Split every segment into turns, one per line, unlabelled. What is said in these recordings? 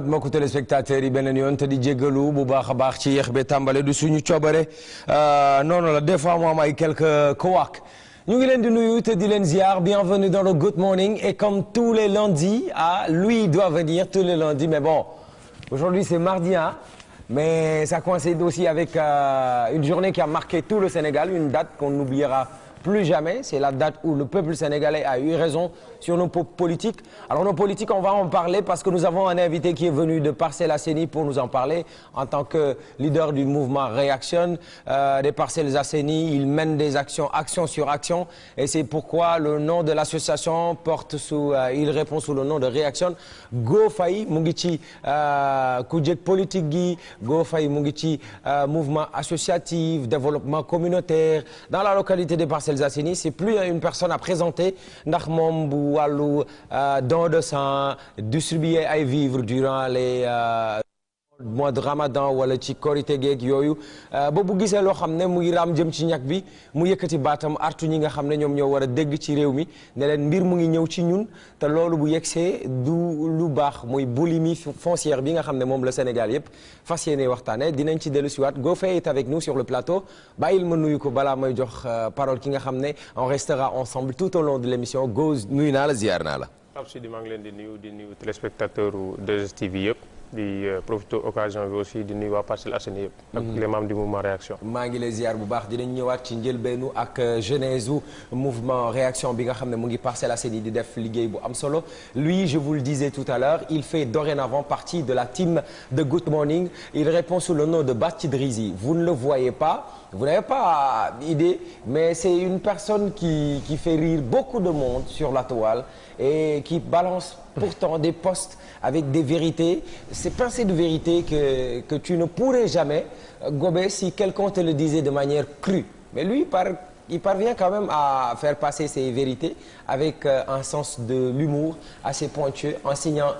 ñëwaat mbokku téléspectateurs yi beneen yoon te di jéggalu bu baax a baax ci yéex be tàmbale du suñu coobare euh, no la des fois mu am ay quelques couacs ñu ngi leen di nuyu te di leen ziar bienvenue dans le Good Morning et comme tous les lundis ah lui doit venir tous les lundis mais bon aujourd'hui c'est mardi ah mais ça coïncide aussi avec euh, une journée qui a marqué tout le Sénégal une date qu'on n'oubliera plus jamais. C'est la date où le peuple sénégalais a eu raison sur nos politiques. Alors nos politiques, on va en parler parce nous avons un invité qui est venu de Parcelles Assainies pour nous en parler en tant que leader du mouvement Réaction euh, des Parcelles Assainies. Il mène des actions, action sur action. Et c'est pourquoi le nom de l'association porte sous, euh, il répond sous le nom mu ngi ci ku jëkk gi Go mu ngi ci euh, mouvement associatif, développement communautaire dans la localité des Parcelles Parcelles-Assainies c'est plus une personne à présenter ndax moom bu wàllu euh, don de sang distribuer ay vivres durant les euh, mois de ramadan wala ci korite geeg yooyu euh, ba bu gisee loo xam ne mu ngi raam jëm ci ñag bi mu yëkkati baatam artu ñi nga xam ne ñoom ñoo war a dégg ci réew mi ne leen mbir mu ngi ñëw ci ñun te loolu bu see du lu baax muy boulimie foncière bi nga xam ne moom la Sénégal yëpp fas yéene waxtaane dinañ ci dellu siwaat Gofé est avec nous sur le plateau bàyyil ma nuyu ko balaa may jox euh, parole ki nga xam ne on restera ensemble tout au long de l'émission Go nuyu naa la ziar naa la.
Abdoulaye ngi leen di nuyu di nuyu téléspectateur yëpp. di euh, profité occasion bi aussi di nuyu waa Parcelles Assainies yëpp. ak mm-hmm. les membres du mouvement réaction. maa ngi lay ziar bu baax dinañ ñëwaat ci
njëlbeenu ak genèse euh, mouvement réaction bi nga xam ne mu ngi Parcelles Assainies di def liggéey bu am solo lui je vous le disais tout à l'heure il fait dorénavant partie de la team de Good Morning il répond sous le nom de Bathie Drizzy vous ne le voyez pas. vous n'avez pas idée mais c'est une personne qui qui fait rire beaucoup de monde sur la toile et qui balance pourtant des posts avec des vérités ces pincées de vérité que que tu ne pourrais jamais gober si quelqu'un te le disait de manière crue mais lui par il parvient quand même à faire passer ses vérités avec euh, un sens de l'humour assez pointueux en signant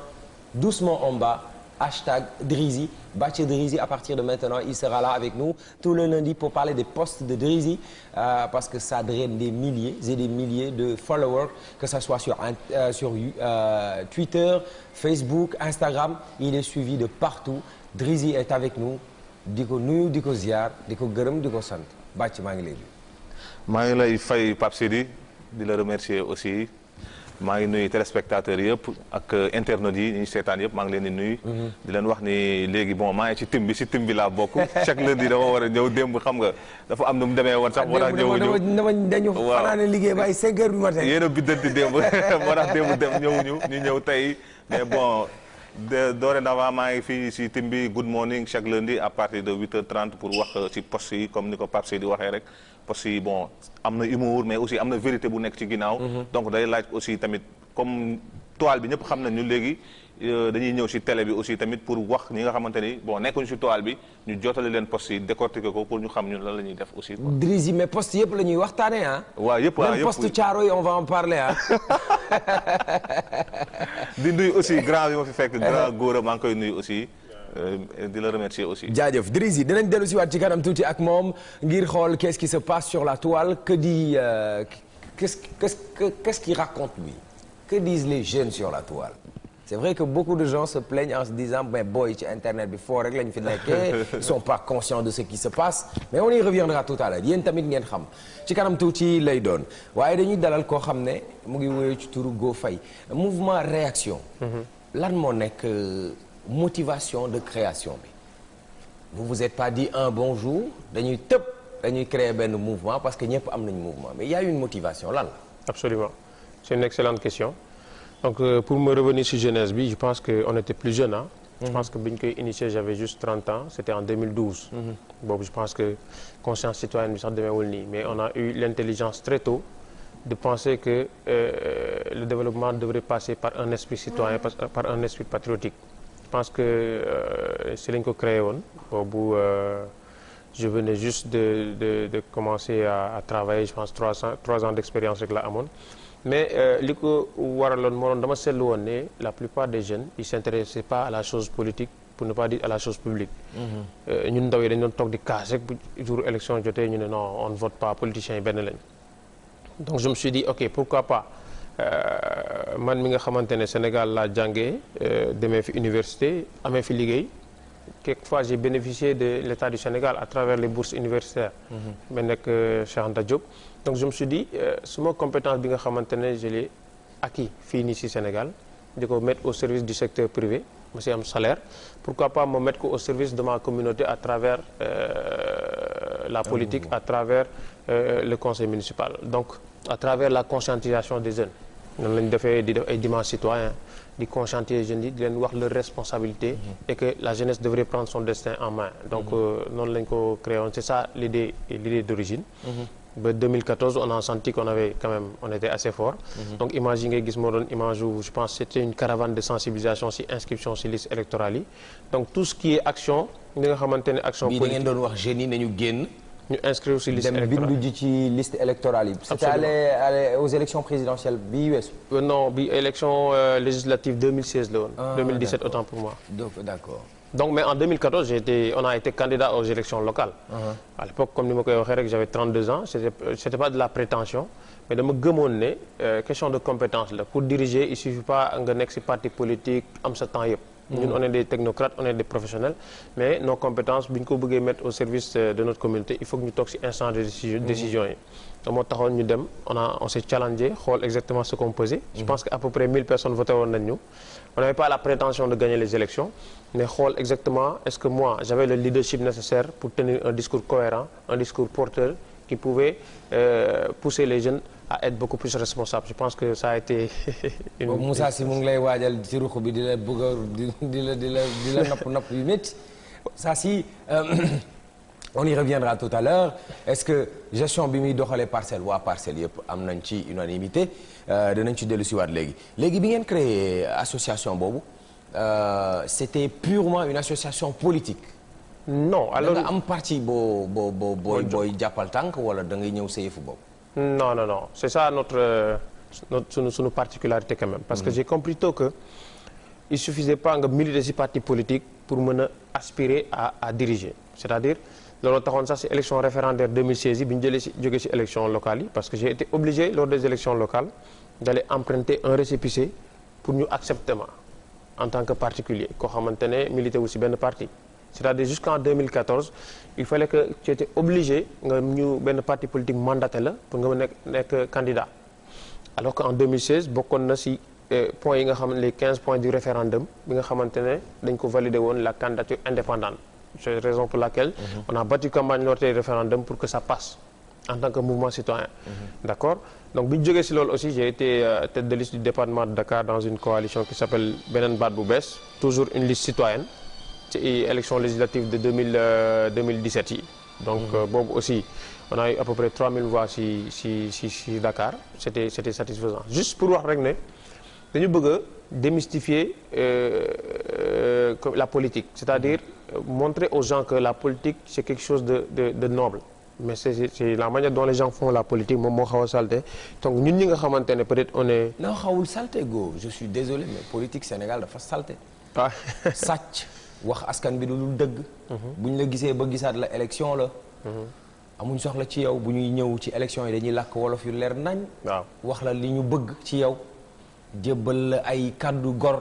doucement en bas hashtag Drizzy Bachir Drizzi à partir de maintenant il sera là avec nous tout le lundi pour parler des posts de Drizzi euh, parce que ça draine des milliers et des milliers de followers que ça soit sur euh, sur euh, Twitter Facebook Instagram il est suivi de partout Drizzi est avec nous di ko nuyu di ko ziar di ko gërëm di ko sant Bachir maa ngi
maa ngi lay fay Pape Sidi di la remercier aussi. maa ngi nuyu téléspectateurs yëpp ak euh, internautes yi ñu seetaan yëpp maa ngi leen di nuyu. Mhm. di leen wax ni léegi bon maa ngi ci tim bi si tim bi laa bokk. chaque lundi dama war a ñëw démb xam nga dafa am nu mu demee woon sax. moo tax ñëwuñu waaw ah, démb dama dañu fanaane liggéey ba ay
5 heures du matin. yéen a
biddanti démb moo tax démb dem ñëwuñu ñu ñëw tey mais bon. dorénavant maa ngi fi si tim bi good morning chaque lundi à partir de 8h30 pour wax si euh, post yi comme ni ko Pape Seydi di waxee rek. parce que bon am na humour mais aussi am na vérité bu nekk ci ginnaaw. Mhm. donc day laaj aussi tamit comme toile bi ñëpp xam nañu léegi euh, dañuy ñëw si télé bi aussi tamit pour wax ñi nga xamante ni bon nekkuñu ci toile bi ñu jotale leen poste yi décortiquer ko pour ñu xam ñu lan la ñuy def aussi. Driss yi
mais poste yëpp la ñuy waxtaanee ah.
waaw yëpp waaw yëpp poste
caaro yi on va en parler ah.
aussi grand bi ma fi fekk. grand góor a maa ngi koy nuy aussi. Euh, di la remercier aussi. jaajëf
Drizzy dinañ dellu si waat ci kanam tuuti ak moom ngir xool qu'est-ce qui se passe sur la toile que dit euh, qu'est-ce que qu'est-ce qu'il raconte lui que disent les jeunes sur la toile. c'est vrai que beaucoup de gens se plaignent en se disant mais booy ci internet bi foo rek lañu fi nekk ils sont pas conscients de ce qui se passe mais on y reviendra tout à l'heure yéen tamit ngeen xam ci kanam tuuti lay doon waaye dañuy dalal koo xam ne mu ngi woyoo ci turu Go Faye mouvement réaction mhm. lan moo nekk euh, motivation de création bi vous vous êtes pas dit un bon jour dañuy tëb dañuy créer benn mouvement parce que
ñëpp am nañ mouvement mais il y a une motivation lan la. absolument c'est une excellente question donc euh, pour me revenir sur jeunesse je pense que on était plus jeune ah. je mhm. pense que bi ans c'était en mhm. je pense que conscience citoyenne bi sax demeewul nii mais on a eu l'intelligence très tôt. de penser que euh, le développement devrait passer par un esprit citoyen, mhm. par, par un esprit patriotique. pense que euh, si lañ ko créé woon boobu euh, je venais juste de de de commencer à, à travailler je pense trois ans trois d'expérience rek la amoon mais euh, li ko waraloon moo doon dama seetlu woon ne la plupart des jeunes ils s'intéressaient pas à la chose politique pour ne pas dire à la chose publique.
Mhm.
ñun ndaw yi dañu doon toog di casse rek jour élection jotee ñu ne non on ne vote pas politiciens yi benn lañ donc je me suis ok pourquoi pas. Euh, man mi nga xamante ne Sénégal laa jàngee euh, demee fi université amee fi liggéey quelquefois j'ai bénéficié de l'État du Sénégal à travers les bourses universitaires. Mm-hmm. ma nekk euh, Cheikh Anta Diop. donc je me suis dit suma compétence bi nga xamante ne je l'ai acquis fii nii si Sénégal di ko mettre au service du secteur privé ma ci am salaire pourquoi pas ma mettre ko au service de ma communauté à travers euh, la politique ah à travers euh, le conseil municipal donc à travers la conscientisation des jeunes. noonu lañ defee di def dimanche citoyen di conscientiser jeunes yi di leen wax leur responsabilité mhm. et que la jeunesse devrait prendre son destin en main donc mhm. euh, noonu lañ ko créé woon c'est ça l'idée d'origine mhm. ba on a senti qu'on avait quand même on était assez fort donc image yi ngay gis moo doon image où je pense c'était une caravane de sensibilisation ci inscription ci liste électorale yi donc tout ce qui est action li nga xamante action politique bi ñu inscrire ci liste électorale dem bindu ji
ci liste électorale yi. absolument c'était allé
allé aux élections présidentielles bii weesu. Euh, non bi élection euh, législative ah, autant pour moi. donc mais en j'ai été candidat aux élections locales. Ah, ah. à l'époque comme ni ma koy waxee rek j'avais 32 ans c'était c'était pas de la prétention. mais dama gëmoon ne euh, question de compétence la pour diriger il suffit pas nga nekk ci parti politique am sa temps yëpp. ñun on est des technocrates on est des professionnels mais nos compétences bu ñu ko bëggee mettre au service de notre communauté il faut que ñu toog ci instant de décision mhm. yi moo taxoon ñu dem on a on s'est challengé xool exactement ce qu'on pesait je mhm. pense que à peu près 1000 personnes voté woon nañ ñu on n'avait pas la prétention de gagner les élections mais xool exactement est-ce que j'avais le leadership nécessaire pour tenir un discours cohérent un discours euh, jeunes à être beaucoup plus responsable je pense que ça a été. une boobu si
mu ngi lay waajal ci bi di la bëgg a di la di la di la napp napp yu métti si euh, on y reviendra tout à l'heure est-ce que gestion bi muy doxalee parcelle waa parcelle yëpp am nañ ci unanimité euh, danañ ci dellu si waat léegi léegi bi ngeen créé association boobu euh, c'était purement une association politique. non alors da nga am parti boo boo boo booy jàppal tànk wala da ngay ñëw sa yëfu boobu.
non non non c'est ça notre euh, notre su sunu particularité quand parce que mm. j'ai compris tôt que il suffisait pas nga militer ci parti politique pour mën a aspirer à à diriger c'est-à-dire. looloo taxoon sax ci élection référendaire 2016 yi bi ñu jëlee ci jógee ci élection locale yi parce que j'ai été obligé lors des élections locales d'aller emprunter un récépissé pour ñu accepter ma en tant que particulier koo xamante ne milité wu ci benn parti c'est-à-dire jusqu'en 2014 il fallait que tu obligé nga ñu benn parti politique mandaté la pour nga mën nekk nekk candidat alors que en 2016 bokkoon na si euh, points yi nga xam les 15 points du référendum bi nga xamante ne dañ ko valide woon la candidature indépendante c'est la raison pour laquelle mhm. on a battu campagne lors des référendums pour que ça passe en tant que mouvement citoyen mhm. d'accord donc bi ñu jógee si loolu aussi j'ai été euh, tête de liste du département de Dakar bu bees toujours une liste citoyenne ci élection législative de 2000 2017 euh, yi donc mmh. euh, boobu aussi on a eu à peu près 3000 voix si si si si Dakar c'était c'était satisfaisant juste pour wax rek ne dañu bëgg a démystifier euh, la politique c'est-à-dire montrer aux gens que la politique c'est quelque chose de de de noble mais c'est c'est la manière dont les gens font la politique moom moo xaw a salté donc ñun ñi nga xamante ne peut-être on est non xawul salté go je suis désolé mais politique Sénégal dafa salté ah sàcc wax askan bi lu dul
mhm. bu ñu la gisee ba gisaat la élection la. Mhm. amuñ soxla ci yow bu ñuy ñëw ci élection yi dañuy làkk wolof yu leer nañ. wax la li ñu bëgg ci yow. jébbal la ay kàddu gor.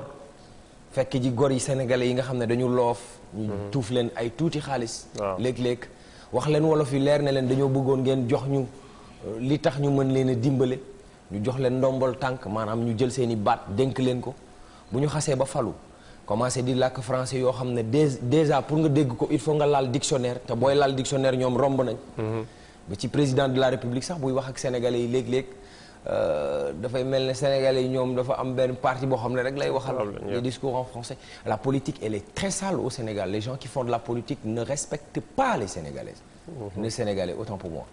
fekk ji gor yi sénégalais yi nga xam ne dañu loof. ñu mhm. tuuf leen ay tuuti xaalis. léeg-léeg wax leen wolof yu leer ne leen dañoo bëggoon ngeen jox ñu euh, li tax ñu mën leen a dimbale. ñu jox leen ndombol tànk maanaam ñu jël seen i baat dénk leen ko bu ñu xasee ba falu. commencé di làkk français yoo xam ne déjà pour nga dégg ko il faut nga laal dictionnaire te booy laal dictionnaire ñoom romb nañ. Mhm. ba ci président de la république sax buy wax ak sénégalais yi léeg-léeg euh, dafay mel ne sénégalais yi ñoom dafa am benn parti boo xam ne rek lay waxal. les discours en français la politique elle est très sale au Sénégal les gens qui font la politique ne respectent pas les sénégalais. les Sénégalais autant pour moi.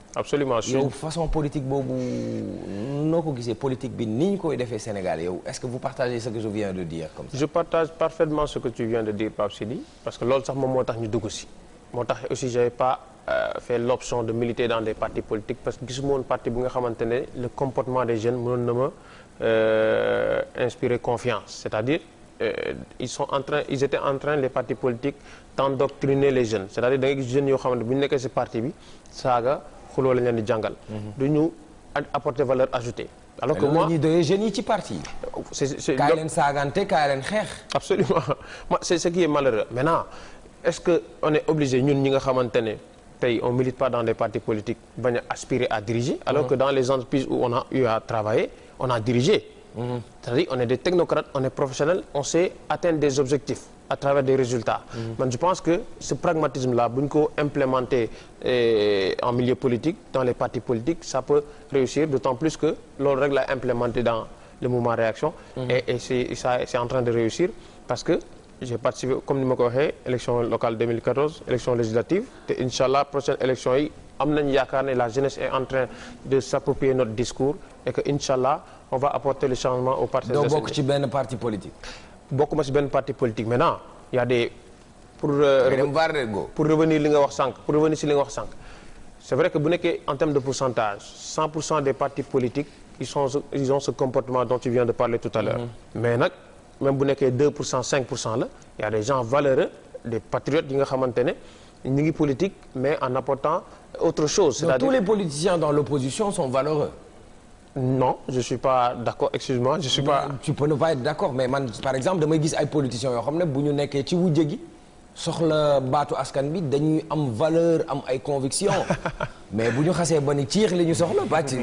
yow façon politique boobu noo ko gisee politique bi ni ñu koy defee Sénégal yow est-ce que vous partagez
ce que je viens de dire comme ça. je partage parfaitement ce que tu viens de dire Pape parce que loolu sax moom moo tax ñu dugg si. moo tax aussi j'avais pas euh, fait l'option de militer dans des partis politiques parce que gisuma woon parti bu nga xamante ne le comportement des jeunes mënoon na ma euh, inspirer confiance c'est-à-dire euh, ils sont en train ils étaient en train les partis d'endoctriner les jeunes c'est-à-dire da gis jeunes yoo xamante bu ñu nekkee ci parti bi saaga xuloo lañ leen di jàngal. Mhm. du ñu apporter valeur ajoutée. alors que moi jeunes yi ci parti. c'est c'est kaay leen saagante kaay leen xeex. absolument ma c'est ce qui est malheureux maintenant est-ce que on est obligé ñun ñi nga xamante ne. tey on milite pas dans des partis politiques bañ a aspirer à diriger. alors mhm. que dans les entreprises où on a eu à travailler on a dirigé. Mmh. c'est-à-dire on est des technocrates on est professionnels on sait atteindre à travers des résultats. Mhm. man je pense que ce pragmatisme là bu ñu ko implémenter eh, en milieu politique dans les partis politiques ça peut réussir d'autant plus que loolu rek la implémenté dans le mouvement réaction. Mhm. et et c'est parce que. j'ai participé comme ni ma ko waxee élection locale 2014 élection législative te incha allah prochaine élection yi am nañu yaakaar ne la jeunesse est en train de s'approprier notre discours et que incha allah on va apporter le changement au parti. doo bokk ci benn parti politique. bokkuma si benn parti politique maintenant y' a des. pour euh, pour revenir li nga wax sànq pour revenir si li nga wax sànq. c' est vrai que bu nekkee en termes de pourcentage 100 pour cent des partis politiques ils sont ils ont ce comportement dont tu viens de parler tout à l'heure mm-hmm. mais nag même bu nekkee 2 cent 5 pour cent la y' a des gens valeureux des patriotes yi nga xamante ne ñu ngi politique mais en apportant autre chose. c'est-à-dire tous les politiciens dans l'opposition sont valeureux. non je suis pas d'accord excuse-moi je suis pas. tu pas
d'accord mais man par exemple damay gis ay politiciens yoo xam ne bu ñu nekkee ci wujje gi soxla baatu askan bi dañuy am valeur am ay convictions mais bu ñu xasee ba ni ciix li ñu soxla. ba ci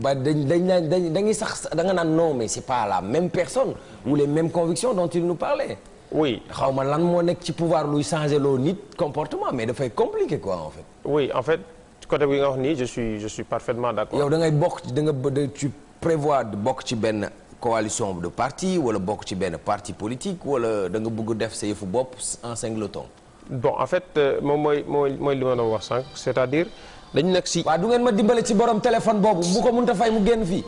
ba dañ dañ dañ dañuy sax da nga naan non mais c'est pas la même personne. ou les mêmes convictions dont il nous parlait. oui lan moo nekk ci pouvoir luy changer loo nit comportement mais dafay compliqué quoi en fait.
oui en fait. côté bi nga wax nii je suis je suis
parfaitement d'accord. yow da ngay bokk da nga tu prévois bokk ci benn coalition de parti wala bokk ci benn parti politique wala da nga bëgg def sa yëfu bopp en singleton.
bon en fait euh, moom mooy mooy mooy li ma wax sànq c'est-à-dire dañu nekk si. waaw du ngeen ma dimbale si borom téléphone boobu bu ko mënta fay mu génn fii.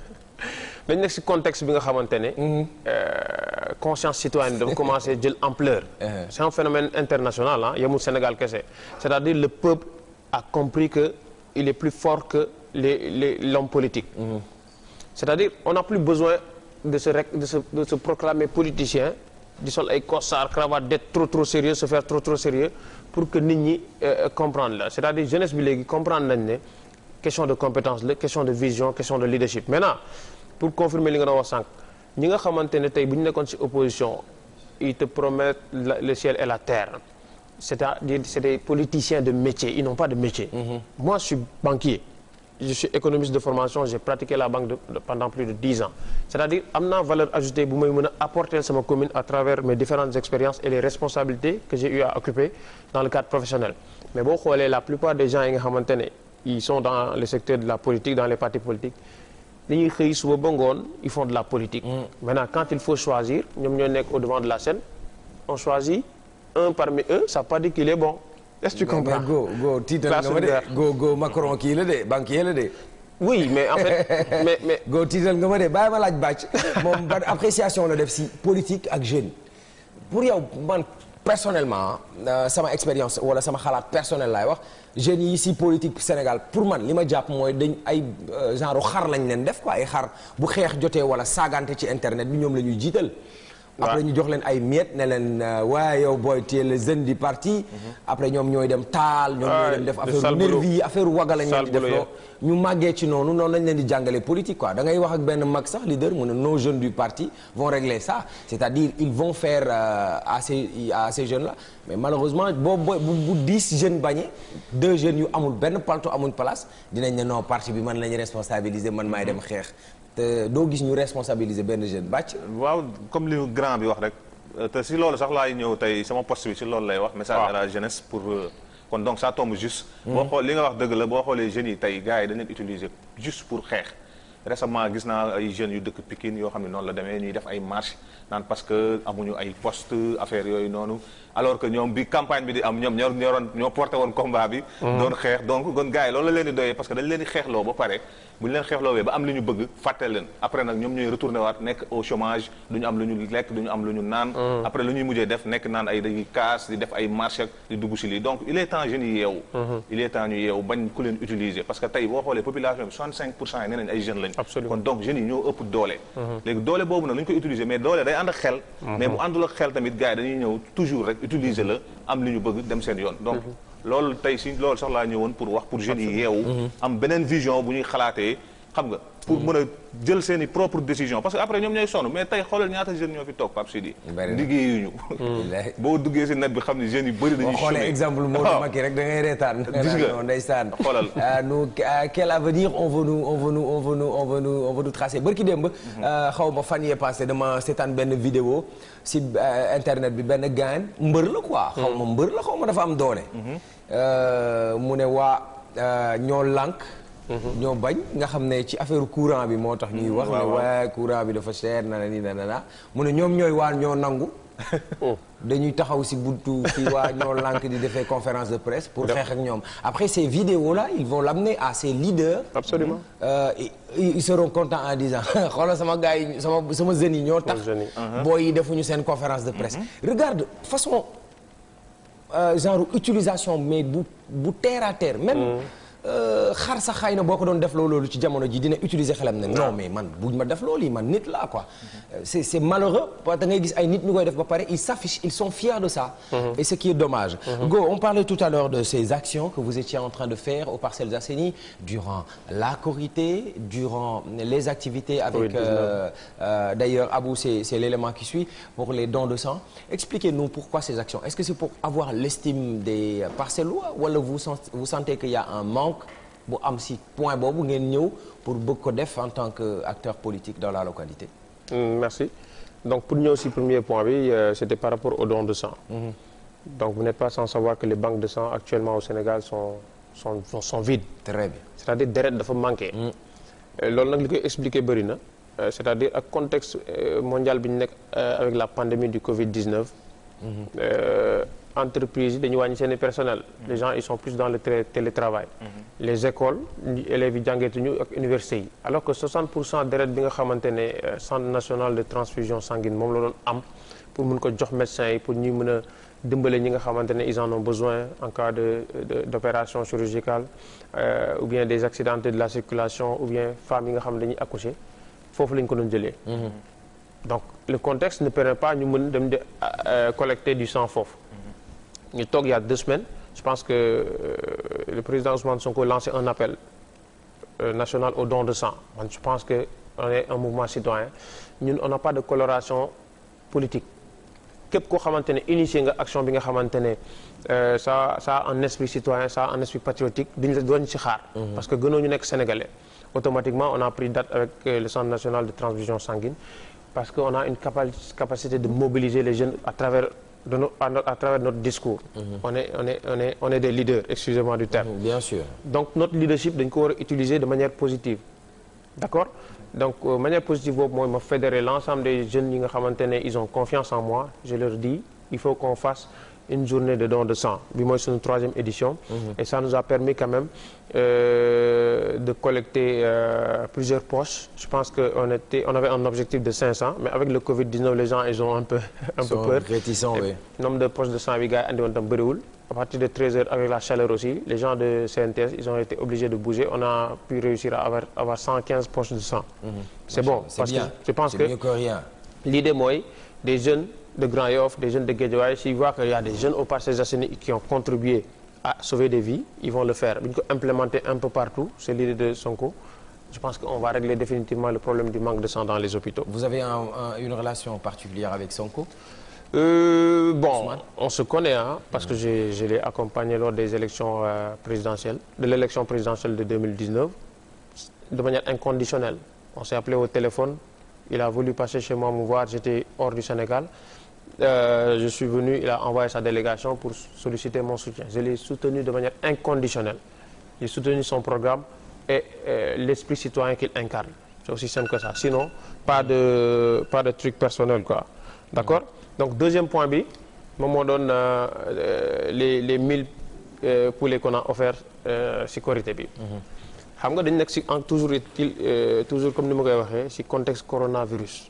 dañ nekk si contexte bi nga xamante ne. Mhm. Euh, conscience citoyenne dafa commencer jël ampleur. Uh-huh. c'est un phénomène international ah yemul Sénégal kese c'est-à-dire le peuple. a compris que il est plus fort que les les l'homme politique. Mmh. c'est-à-dire on n'a plus besoin de se rec proclamer politicien di sol ay costard cravate d'être trop trop sérieux se faire trop trop sérieux pour que nit ñi euh, euh, comprendre la c'est-à-dire jeunesse bi léegi comprendre nañ ne question de compétence la question de vision question de leadership maintenant pour confirmer li nga doon wax sànq ñi nga xamante ne tey bu ñu nekkoon ci opposition ils te promettent le ciel et la terre. cest à des politiciens de métier, ils n'ont pas de métier. Mhm. Moi, suis banquier, je suis économiste de formation, j'ai pratiqué la banque pendant plus de dix ans. C'est-à-dire am valeur ajoutée bu may mën a apporter sama commune à travers mes différentes expériences et les responsabilités que j'ai eu à occuper dans le cadre professionnel. Mais boo xoolee la plupart des gens yi nga xamante ne sont dans le secteur de la politique, dans les partis politiques. un parmi eux ça pas dit qu'il est bon
est-ce que tu go go tiital nga ma de
go go Macron kii la de
banquier la de oui mais en fait mais tiital nga ma de bàyyi ma laaj bàcc moom ban appréciation la def si politique ak jeune pour yow man personnellement euh, sama expérience wala sama xalaat personnel laay wax jeunes yi si politique Sénégal pour man li ma jàpp mooy dañ ay euh, genre xar lañ leen def quoi ay xar bu xeex jotee wala saagante ci internet bi ñoom la ñuy jiital. après ñu jox leen ay miettes ne leen euh, waaye yow booy téye le jeune du parti. Mhm. après ñoom ñooy dem taal. ñoom ñooy dem def affaire nervi yi affaire waga la ñu def loo ñu màggee ci noonu noonu lañ leen di jàngale politique quoi da ngay wax ak benn mag sax leader mu ne nos jeunes du parti vont régler ça c'est-à-dire ils vont faire euh, à ces à ces mais malheureusement boo booy bu dix jeunes bañee deux jeune yu amul benn palto amuñ place dinañ ne non parti bi man lañu responsabiliser man maay dem mhm. xeex. te doo gis ñu responsabiliser benn jeune
bàcc. waaw comme li grand bi wax rek euh, te si loolu sax laay ñëw tey sama post bi si loolu lay wax. message à la jeunesse pour. Euh, kon donc ça tombe juste. Mhm. boo xool li nga wax dëgg la boo xoolee jeunes yi tey gars yi dañ leen utiliser pour xeex. récemment gis naa ay jeunes yu dëkk Pikine yoo xam ne noonu la demee ñuy def ay marche naan parce que amuñu ay poste affaire yooyu noonu alors que ñoom bi campagne bi di am ñoom ñoo ñoroon ñoo porté woon combat bi mm-hmm. doon xeex donc kon loolu la leen di doyee parce que dañ leen di xeexloo ba pare bu ñu leen xeexloowee ba am li bëgg fàtte leen après nag ñoom ñooy retourné nekk au chômage du ñu am lu lekk du ñu am lu naan mm-hmm. après lu mujjee def nekk naan ay dañuy di def ay marché di dugg si lii donc mm-hmm. il est temps ñu yeewu bañ ku leen utiliser parce que tey boo xoolee population bi 65 pour utiliser la am li ñu bëgg dem seen yoon donc mhm. loolu tey si loolu sax laa ñëwoon pour wax pour jeunes yeewu mhm. am beneen vision bu ñuy xalaatee xam nga pour mën a jël seen i propre décision parce que après ñoom ñooy sonn mais tey xoolal ñaata jeunes ñoo fi toog Pape Sidi liggéeyuñu boo duggee si net bi xam ne jeunes yi bëri dañuy xoolee exemple ah. da ngay
reetaan gis nga
ndeysaan xoolal
benn vidéo euh, mbër la quoi mhm. xaw mbër la xaw dafa am doole mhm. euh, mu ne waa euh, ñoo lànk ñoo bañ nga xam ne ci affaire courant bi moo tax ñuy wax ne waaye courant bi dafa cher na ni na na mu ne ñoom ñooy waa ñoo nangu oh. dañuy taxaw si buntu fii waa ñoo lànk di defee conférence de presse pour xeex ak ñoom après ces vidéos là ils vont l'amener à ces leaders absolument euh, ils seront contents en disant xoolal sama gars yi sama sama jeunes yi ñoo tax
uh-huh. booy
yi defuñu seen conférence de presse mm-hmm. regarde façon euh, genre utilisation mais bu bu terre à terre même mm-hmm. Euh, xar sax xay na boo ko doon def loolu ci jamono ji dina utiliser xelam ne non mais man buñ ma man nit laa quoi euh, c'est malheureux ba pare ils s'affichent sont fiers de ça mm-hmm. et ce qui est dommage mm-hmm. on parlait tout à l'heure de ces actions que vous étiez en train de faire aux Parcelles Assainies durant les activités avec euh, euh, d'ailleurs Abou c'est c'est l'élément qui suit pour les dons de sang expliquez-nous pour avoir l'estime des Parcellois wala vous vous sentez qu'il y a un manque bu am si point boobu ngeen ñëw pour bëgg ko def en tant que acteur politique dans la localité.
Hmm, merci donc pour ñëw si premier point bi euh, c'était par rapport au don de sang. Mhm. donc vous n'êtes pas sans savoir que les banques de sang actuellement au Sénégal sont sont sont, sont vides. très bien c'est-à-dire deret dafa manqué. Hmm. Euh, loolu nag li koy expliquer bëri na. Euh, c'est-à-dire ak contexte mondial bi ñu nekk avec la pandémie du Covid 19. Mm entreprises yi dañu wàññi seen i personnel. Mm-hmm. les gens ils sont plus dans le télétravail. Mm-hmm. les écoles élèves yi jàngeetuñu ak université yi. alors que 60 pour cent deret bi nga xamante ne euh, centre national de transfusion sanguine moom la doon am pour mun ko jox médecins yi pour ñuy mën a dimbale ñi nga xamante ne ils en ont besoin en cas de de opération chirurgicale euh, ou bien des accidentés de la circulation ou bien femmes yi nga xam ne dañuy accoucher foofu lañ ko doon jëlee. Mm-hmm. donc le contexte ne permet pas dem di euh, collecter du foofu. ñu toog y a deux semaines je pense que euh, le président Ousmane Sonko lancé un appel euh, national au don de sang je pense que on est un mouvement citoyen ñun on n'a pas de coloration politique képp koo xamante ne initier nga action bi nga xamante ne euh, ça ça en esprit citoyen ça en esprit patriotique duñ la doon ci xaar mhm. parce que gënoo ñu nekk sénégalais automatiquement on a pris date avec euh, le centre national de transfusion sanguine parce que on a une capacité de mobiliser les jeunes à travers de nos, à, notre, à, travers notre discours. Mm on, est, des leaders, excusez-moi du terme. Mm -hmm, bien sûr. Donc notre leadership dañ ko war a utiliser de manière positive d'accord donc euh, manière positive boobu mooy ma fédérer l'ensemble des jeunes yi nga xamante ne ils ont confiance en moi je leur dis il faut qu'on fasse une journée de don de sang bi mooy suñu troisième édition mhm. et ça nous a permis quand même euh, de collecter euh, plusieurs poches je pense que on était on avait un objectif de 500 mais avec le Covid-19 les gens ils ont un peu peur nombre de poches de sang bi gars yi andi woon tam bëriwul à partir de 13 heures avec la chaleur aussi les gens de CNTS ils ont été obligés de bouger on a pu réussir à avoir poches de sang mhm. c'est bon parce bien. des jeunes de Grand Yoff des jeunes de Guédiawaye s'ils a des jeunes aux Parcelles Assainies qui ont contribué à sauver des vies ils vont le euh, bon on se connaît parce que j'ai je l'ai accompagné lors des élections euh, présidentielles de l'élection présidentielle de 2019 de manière inconditionnelle on s'est appelé téléphone il a voulu passer chez moi me voir j'étais euh, je suis venu, il a envoyé sa délégation pour solliciter mon soutien. Je l'ai soutenu de manière inconditionnelle. J'ai soutenu son programme et euh, l'esprit citoyen qu'il incarne. C'est aussi simple que ça. Sinon, pas de, pas de truc personnel, quoi. D'accord Donc, deuxième point bi moom moo doon euh, les, les 1000 euh, poulets qu'on a offert euh, sécurité bi. Mhm. xam nga dañ nekk si en toujours toujours comme ni ma koy waxee si contexte coronavirus.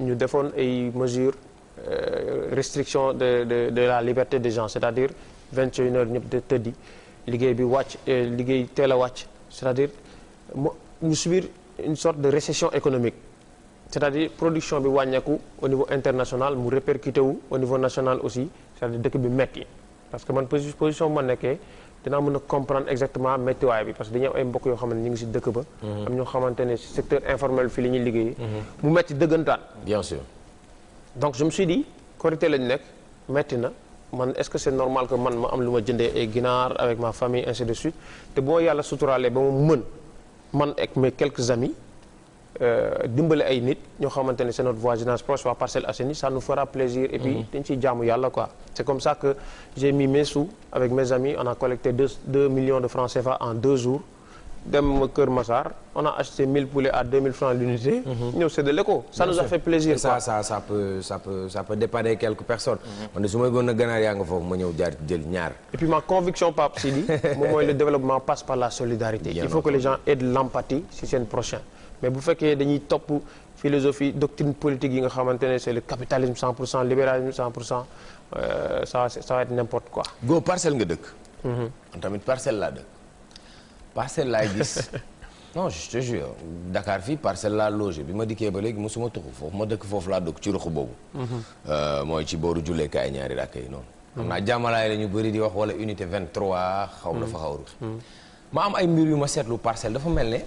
ñu defoon ay mesures Euh, restriction de de de la liberté de gens cest a dire vingt et une heures ñëpp tëddi liggéey bi wàcc euh, liggéey teel a wàcc c'est-à-dire mu ñu subir une sorte de récession économique c'est-à-dire production bi wàññeeku au niveau international mu répercuté wu au niveau national aussi c'est-à-dire dëkk bi metti parce que man position bu ma nekkee dinaa mën a comprendre exactement méttiwaay bi parce que dañoo ay mbokk yoo xam ne ñu ngi si dëkk ba. Mhm. am ñoo xamante ne secteur informel fi la ñuy liggéeyee. Mhm. mu metti dëggantaan. bien sûr. donc je me suis dit Korité lañu nekk metti na man est-ce que c'est normal que man ma am lu ma jëndee ay ginaar avec ma famille ainsi de suite te boo yàlla suturaalee ba mu mën man ak mes quelques amis euh, dimbale ay nit ñoo xamante ne c'est notre voisinage proche waa Parcelles Assainies ça nous fera plaisir. et puis mhm. dañ ciy jaamu yàlla quoi. c'est comme ça que j'ai mis mes avec mes amis a collecté deux deux millions de francs CFA en deux jours. dem Kër Massar on a acheté 1000 poulets à 2000 francs l'unité. Mhm. ñëw séddale ko ça nous a fait plaisir. ça
ça ça peut ça mhm. su ma gën ganaar yaa nga foofu ma ñëw jaar jël ñaar.
et ma conviction Pape Sidi moom mooy le développement passe par la solidarité. il faut que les gens aient de si seen prochain. mais bu fekkee dañuy topp philosophie doctrine politique yi nga xamante ne le capitalisme 100 pour cent libéralisme 100 pour euh, parcelle laay gis
non je te jure Dakar fii parcelle laa loge bi ma dikkee ba léegi mosuma tuxu foofu ma dëkk foofu laa dëkk ci ruxu boobu. Mhm. Euh, mooy ci booru julleekaay ñaari rakk yi noonu. xam mhm. naa jàmmalaay la ñu bëri di wax wala unité 23. xaw dafa mhm. xaw ma am ay mbir yu ma seetlu parcelle dafa mel ne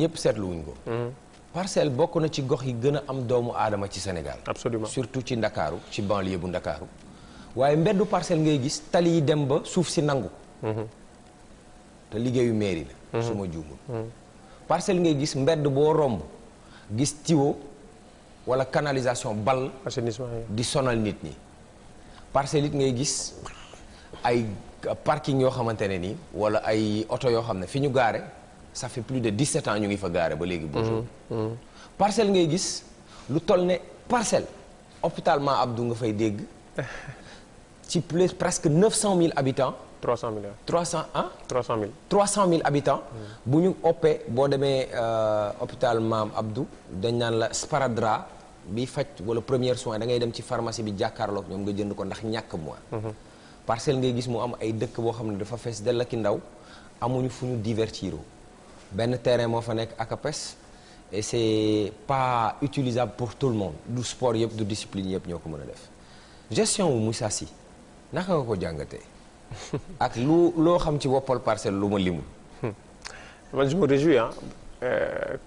ñëpp seetlu wuñ ko. parcelle bokk na ci gox yi gën a am doomu aadama ci Sénégal. absolument surtout ci Ndakaaru ci banlieue bu Ndakaaru waaye mbeddu parcelle ngay gis tali yi dem suuf si nangu. te liggéeyu mairie la hmm. su ma juumul hmm. parcelle ngay gis mbedd boo romb gis tiwo wala canalisation bal di sonal nit ñi parcelle it ngay gis ay parking yoo xamante ne nii wala ay oto yoo xam ne fi ñu gaare ça fi plus de dix 17 ans ñu ngi fa gaare ba léegi bonjour hmm. parcelle ngay gis lu toll ne parcelle hôpital Ma Abdou nga fay dégg ci plus presque 900 000 habitants 300 000 300 ah. 300 000 300 000 habitants. bu ñu oppee boo demee euh, hôpital Maam Abdou dañ naan la sparadrap bi faj wala première soin da ngay dem ci pharmacie bi jàkkaarloog ñoom nga jënd ko ndax ñàkk mois. Mhm. parcelle ngay gis mu am ay dëkk boo xam ne dafa fes dell ak ndaw amuñu fu ñu divertir benn terrain moo fa nekk akapes et c'est pas utilisable pour tout le monde du sport yëpp du discipline yëpp ñoo ko mën a def gestion wu Moussa Sy
naka nga ko jàngatee.
ak lu loo xam ci woppal parcelle lu ma limu hmm.
man je me réjouis ah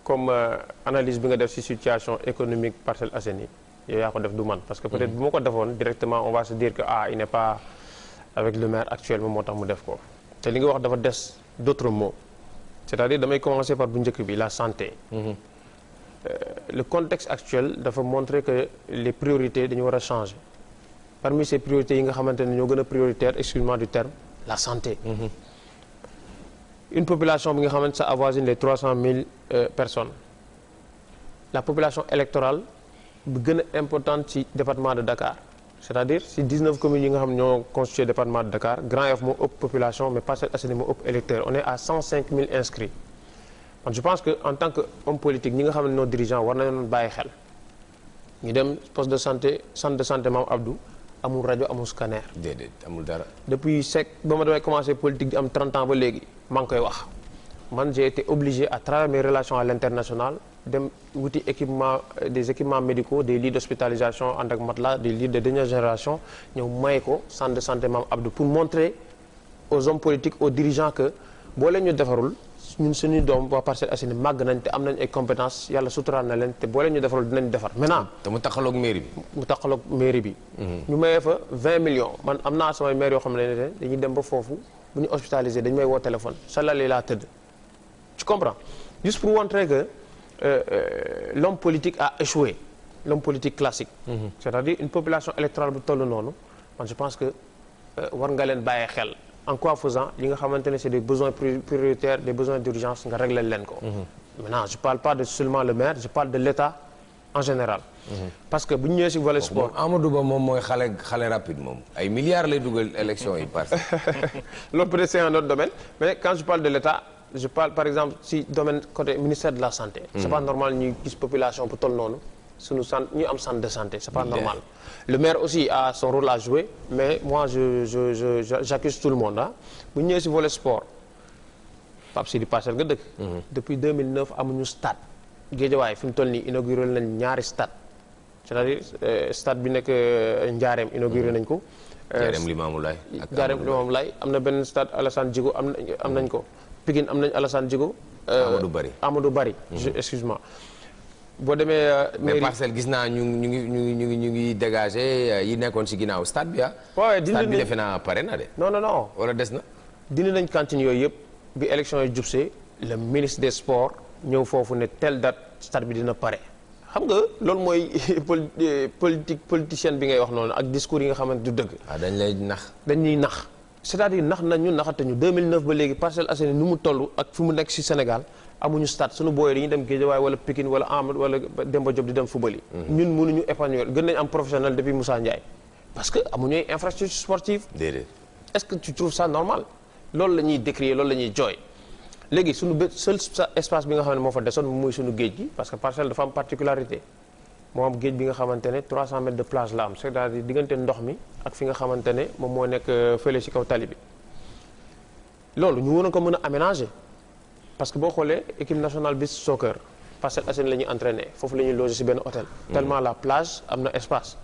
comme euh, analyse bi nga def ci situation économique Parcelles Assainies yow yaa ko def du man parce que peut-être hmm. bu ma ko defoon directement on va se dire que ah il n'est pas avec le maire actuellement moo tax mu def ko te li nga wax dafa des d'autres mots c'est-à-dire damay commencer par bu njëkk bi la santé hmm. euh, le contexte actuel dafa montrer que les priorités dañu war a changer parmi ces priorités yi nga xamante ne ñoo gën a prioritaire excuse-moi du terme la santé. Mm-hmm. une population bi nga xamante ça avoisine les trois cent mille euh, personnes la population électorale bi gën a importante ci département de Dakar c'est-à-dire si dix-neuf communes yi nga xam ñoo constitué département de Dakar Grand Yoff moo ëpp population mais Parcelles Assainies moo ëpp électeurs on est à je pense que en tant que homme politique ñi nga xam ne nos dirigeants war dem poste de santé centre de santé Mame Abdou. amul rajo amul scanner. déedéet amul dara. depuis sec ba ma damay commencé politique di am trentant ba léegi maa ngi koy wax man j'ai été obligé à travers mes relations à l'international dem wuti équipement des équipements médicaux des lits d'hospitalisation ànd ak matelas des lits de dernière génération ñëw may ko centre de santé Mame Abdou pour montrer aux hommes politiques aux dirigeants que boo leen ñu defarul. ñun suñuy doom waa Parcelles Assainies màgg nañ te am nañ ay compétence yàlla suturaal na leen te boo leen ñu defaral dinañ defar maintenant. te mu taxaloog mairie bi. mu taxaloog mhm. ñu mayee fa 20 millions man am naa samay maire yoo xam ne dañuy dem ba foofu bu ñu hospitalisé dañu may woo téléphone sa lal laa tëdd. tu comprends juste pour montrer que euh, euh, l'homme politique à échoué l'homme politique classique. Mhm. c'est-à-dire une population électorale bu toll noonu man pense que euh, war nga leen bàyyi xel. en quoi faisant li nga xamante c'est des besoins prioritaires des besoins d'urgence nga régler leen ko mhm. maintenant je parle pas de seulement le maire je parle de l'État en général mhm. parce que bu ñu ñëwee si volet sport Amadou Ba moom mooy xale xale rapide moom ay milliards lay dugal élection yi parce loolu peut-être c'est un autre domaine mais quand je parle de l'État je parle par exemple si domaine côté ministère de la santé mhm. c'est pas normal ñuy sunu sant ñu am centre de santé c'est pas normal le maire aussi a son rôle à jouer mais moi je je je j'accuse tout le monde bu ñëwee si volet sport Pape Sidi Pachel nga dëkk mm-hmm. depuis 2009 amuñu stade waaye fi mu toll nii inauguré nañ ñaari stade c'est-à-dire euh, stade bi nekk euh, Ndiarème inauguré mm-hmm. nañ ko euh, Ndiarème
Limamou Laye Ndiarème Limamou
Laye am na benn stade Alassane Djigo am am nañ ko Pikine am nañ Alassane Djigo Amadou Bari Amadou Bari mm-hmm. excuse-moi boo demee euh,
mairie parcelle gis naa ñu ñu ngi ñu ngi ñu ngi ñu ngi dégagé euh, yi nekkoon si ginnaaw stade bi ah. waaw dindi stade bi defe naa pare na de.
non non non wala des na. dina nañ cantine yooyu yëpp bi élection yi jubsee le ministre de sports ñëw foofu ne telle date stade bi dina pare. xam nga loolu mooy euh, politique politicienne bi ngay wax noonu ak discours yi nga xamante du dëgg. waaw ah, dañ lay nax. dañuy nax cest à nax nañ ñu naxate ñu 2009 ba léegi Parcelles Assainies nu mu toll ak fu mu nekk ci Sénégal. amuñu stade suñu booyee dañuy dem Guédiawaye wala Pikine wala Amad wala Demba Diop di dem football yi mhm. mënuñu épanouir gën nañ am professionnel depuis Moussa Ndiaye parce que amuñu infrastructure sportive déedéet est-ce que tu trouves ça normal lool la ñuy décrier loolu la ñuy jooy léegi suñu bé seul espace bi nga xam ne moo fa desoon muy suñu géej gi parce que parcelle dafa am particularité moo am géej bi nga xamante ne 300 mètres de plage la am c'est-à-dire diggante ndox ak fi nga xamante ne moom moo nekk euh, fële ci kaw tali bi loolu ñu waroon ko mën a aménager parce que boo xoolee équipe nationale bi soccer Parcelles Assainies la ñuy entraîné foofu la ñuy loger ci benn hôtel. Mm. tellement la plage am na espace.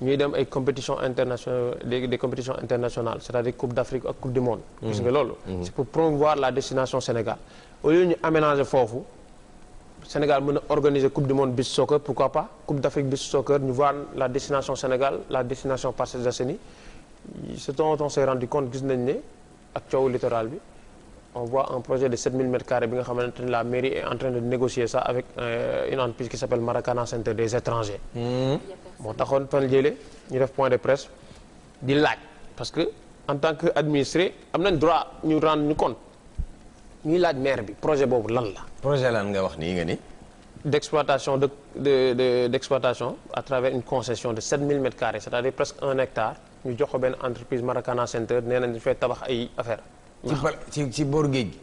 ñuy dem ay compétition internationale des, des compétitions internationales c'est-à-dire coupe d'Afrique ak coupe du monde mm. gis nga loolu mm. c'est pour promouvoir la destination Sénégal foofu Sénégal mën a organiser coupe du monde beach soccer pourquoi pas coupe d'Afrique la destination parce que destination Parcelles Assainies ce dont on compte gis nañ ne ak coowu littoral bi on voit un projet de 7000 mètres carrés bi nga xamante ne la mairie est en train de négocier ça avec euh, une entreprise qui s'appelle Maracana Center des étrangers hmm. moo taxoon fan jële ñu def point de presse di laaj parce que en tant que administré am nañ droit ñu rendre ñu compte ñuy laaj maire bi projet boobu lan la
projet lan nga wax nii nga ni
d'exploitation de de de d'exploitation à travers une concession de 7000 mètres carrés c'est-à-dire presque un hectare ñu jox ko benn entreprise nee nañ dañu fay tabax ay ci ci ci boor géej gi.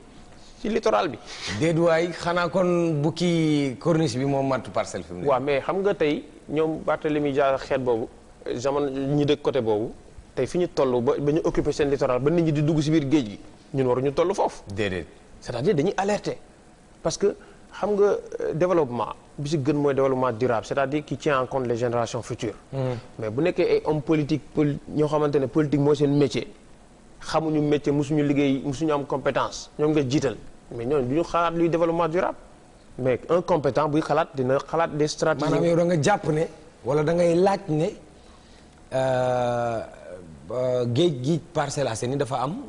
ci littoral bi. déet waay xanaa kon bukki corniche bi moo mat parcelle fi mu ne. waaw mais xam nga tey ñoom Barthélemy Dias xeet boobu jamono ñi dëkk côté boobu tey fi ñu toll ba ba ñu occupé seen littoral ba nit ñi di dugg si biir géej gi ñun waruñu toll foofu. déedéet c'est-à-dire que xam nga euh, développement bi si gën mooy développement durable c'est-à-dire qui tient en compte les générations futures. Hmm. mais bu nekkee ay hommes politiques ñoo xamante ne politique mooy seen métier. xamuñu métier mosuñu liggéey mosuñu am compétence ñoom nga jiital mais ñoom du ñu xalaat luy développement durable mais un compétent buy xalaat dina xalaat des stratégies. maanaam yow da
nga jàpp ne wala da ngay laaj ne euh, euh, géej gi se ni dafa am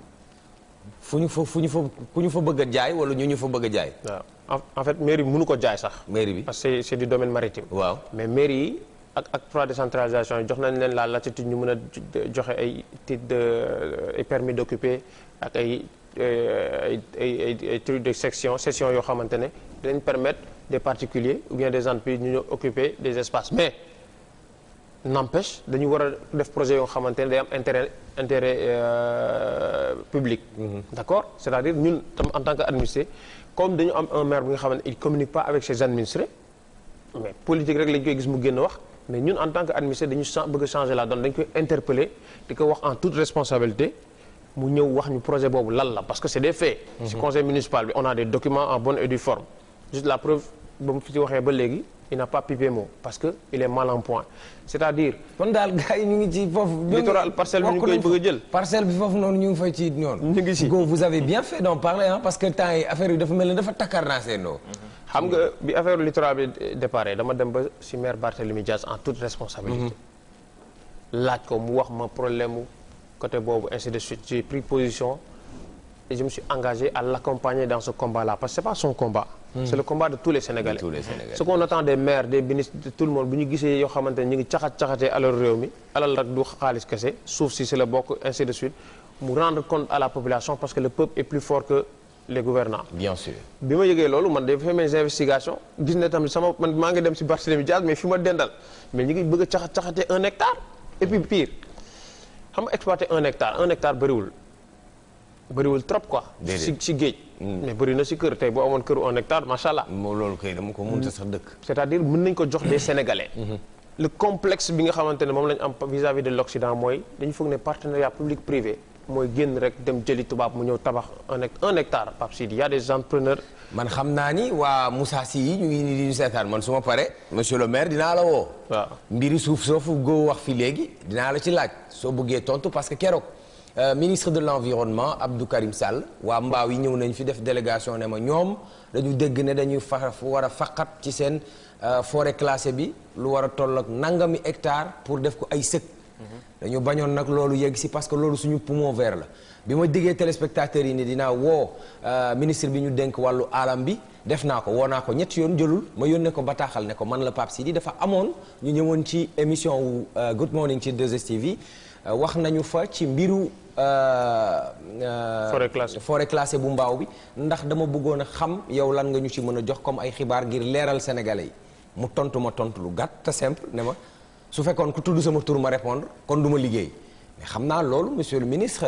fu ñu fa fu ñu fa ku ñu fa bëgg a
jaay wala ñu ñu fa bëgg a jaay. waaw en fait mairie munu ko jaay sax. mairie bi parce que c'est du domaine maritime. waaw mais mairie yi ak ak trois décentralisation yi jox nañ leen la latitude ñu mën a joxe ay titre de ay permis d'occuper ak ay euh, ay ay ay titre de section session yoo xamante ne dinañ permettre des particuliers ou bien des entreprises ñu ñoo occuper des espaces mais n'empêche dañu war a def projet yoo xamante ne day am intérêt intérêt euh, public mm-hmm. d'accord c'est-à-dire ñun en tant que administré comme dañu am un maire bi nga xamante ne il communique pas avec ses administrés mais politique rek lañ koy gis mu génn wax mais ñun en tant que administré dañu bëgg a changer la donne dañ koy interpeller di ko wax en toute responsabilité mu ñëw wax ñu projet boobu lan la parce que c'est des faits. ci mhm. conseil municipal bi on a des documents en bonne et due forme juste la preuve ba mu fi waxee ba léegi. il n'a pas pipé parce que il est mal en point c'est-à-dire. kon daal gars ñu ngi ci foofu. littoral parcelle
bi ñu koy
foofu noonu ñu ngi fay ci noonu. ñu ngi si vous avez bien fait d'en parce que temps yi affaire yi dafa mel ni dafa takkar naa
seen doo. xam nga bi affaire littoral bi déparé dama dem ba si maire Barthélémy Dias en toute responsabilité. Mhm. laaj ko mu wax ma problème mu côté boobu ainsi de suite j'ai pris position et je me suis engagé à l'accompagner dans ce combat Hmm. c'est le combat de tous les Sénégalais. tous les Sénégalais ce qu'on attend des tout le monde bu ñu gisee yoo xamante ne ñu ngi caxat caxatee alal réew mi alal rek du xaalis kese suuf si si la bokk ainsi de suite mu rendre compte à la population parce que le peuple est plus fort que les gouvernants. bien sûr bi ma yëgee loolu man de fait mes investigations gis ne tamit sama man maa ngi dem si Barthélemy Diaz mais fi ma dendal mais ñu ngi bëgg a caxat caxatee un hectare et puis pire xam hectare un bëriwul trop quoi. si si géej. Hmm. mais bëri na si kër tey boo amoon këru un hectare macha allah. moo loolu kay dama ko mënta hmm. sax dëkk. cest à mën nañ ko jox des sénégalais. Hmm. le complexe bi nga xamante ne moom lañ am vis vis de l'Occident mooy dañu foog ne partenariat public privé. mooy génn rek dem jëli tubaab mu ñëw tabax un hectare Pape Sidi y a des entrepreneurs. man xam naa ni waa Moussa Sy yi ñu ngi nii di ñu seetaan man su ma monsieur le
maire dinaa la woo. waaw mbiri suuf soofu góo wax fi la ci laaj soo Euh, ministre de l'environnement Abdou Karim Sall waa mbaaw yi ñëw nañ fi def délégation ne ma ñoom dañu dégg ne dañuy fa war a faqat ci seen euh, forêt classée bi lu war a toll ak nangami hectare pour def ko ay sëg dañu bañoon nag loolu yegg si parce que loolu suñu poumon vert la bi ma diggee téléspectateurs yi ne dinaa woo euh, ministre bi ñu dénk wàllu alam bi def naa ko woo naa ko ñetti yoon jëlul ma yónnee ko bataaxal ne ko man la Pape Sidi dafa amoon ñu ñëwoon ci émission wu Good Morning ci 2STV Euh, wax nañu fa ci mbiru. Euh, euh, forêt classée forêt classée bu mbaaw bi ndax dama bëggoon a xam yow lan nga ñu ci mën a jox comme ay xibaar ngir leeral sénégalais yi mu tontu ma tontu lu gàtt te simple ne ma su fekkoon ku tudd sama tur ma répondre kon du ma liggéey xam naa loolu monsieur le ministre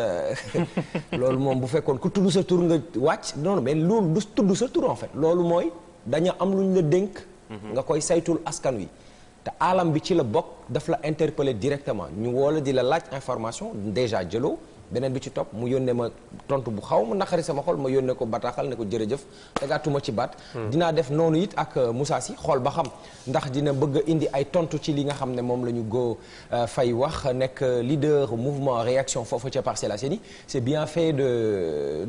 loolu moom bu fekkoon ku tudd sa tur nga wàcc non benn loolu du tudd sa tur en fait loolu mooy dañu am luñ la dénk. Mhm. nga koy saytul askan wi. te alam bi ci la bokk daf la interpeller directement ñu woo la di la laaj information déjà jëloo beneen bi ci topp mu yónnee ma tontu bu xaw mu naqari sama xol ma yónnee ko bataaxal ne ko jërëjëf tegaatuma ci baat hmm. dinaa def noonu it ak euh, Moussa Sy xool ba xam ndax dina bëgg a indi ay tontu ci li nga xam ne moom la ñu Go euh, fay wax nekk euh, leader mouvement réaction foofu ca Parcelles Assainies c'est bien fait de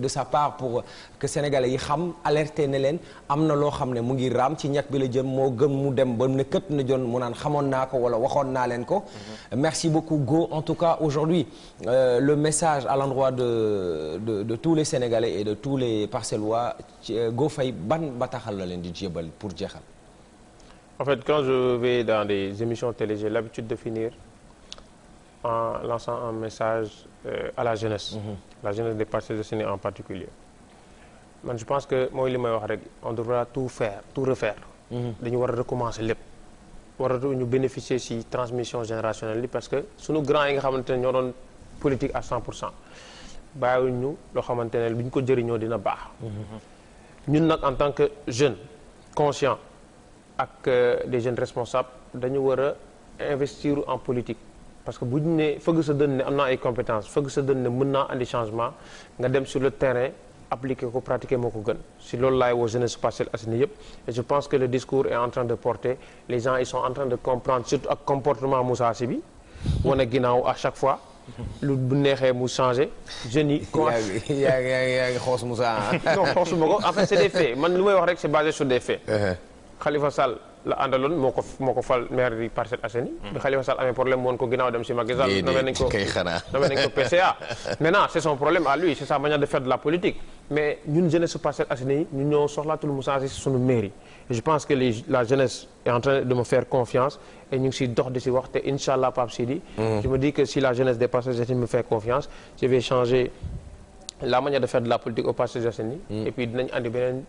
de sa part pour que sénégalais yi xam alerte ne leen am na loo xam ne mu ngi raam ci ñàkk bi la jëm moo gën mu dem ba ne kët na jon mu naan xamoon naa ko wala waxoon naa leen ko hmm. message à l'endroit de, de de tous les Sénégalais et de tous les Parcellois euh, Go Faye ban bataaxal la leen di jébal pour jeexal.
en fait quand je vais dans des émissions télé j'ai l'habitude de finir en lançant un message euh, à la jeunesse. Mm -hmm. la jeunesse des parcelles de Sénégal en particulier man je pense que mooy li may wax rek on devra tout faire tout refaire. Mhm. dañu war a recommencer lépp. waratu ñu bénéficier ci transmission générationnelle bi parce que sunu grand yi nga xamante ne ñoo doon. politique à 100 pour cent bàyyiwuñu loo xamante ne bu ñu ko jëriñoo dina baax. ñun nag en tant que jeune conscient ak euh, des jeunes responsables dañu war a investir en politique. parce que bu ñu nee fëgg sa dënn ne am naa ay compétence fëgg sa dënn ne mën naa andi changement nga dem sur le terrain appliquer ko pratiquer moo ko gën si loolu laay woo jeunesse Parcelles Assainies yëpp et je pense que le discours est en train de porter les gens ils sont en train de comprendre surtout comportement Moussa Sy bi wane chaque fois. lu bu neexee mu changé jeunes yi. yaa ngi yaa ngi xoos Moussa non xoosuma ko en c'est des faits man lu may wax rek c'est basé sur des faits. Uh-huh. Khalifa Sall la àndaloon moo ko moo ko fal maire di Parcelles Assainies. Mm. bi amee problème woon ko ginnaaw dem si Macky Sall. nommé nañ ko nommé nañ ko PCA. maintenant c'est son su Parcelles Assainies ñoo soxlaatul mu changé si sunu mairie. je pense que les, la jeunesse est en train de me faire confiance et ñu ngi siy dox di si wax te incha allah Pape Sidi. Mhm. je me dis que si la jeunesse des Parcelles Assainies me fait confiance je vais changer la manière de faire de la politique aux Parcelles Assainies mhm. et puis dinañ andi beneen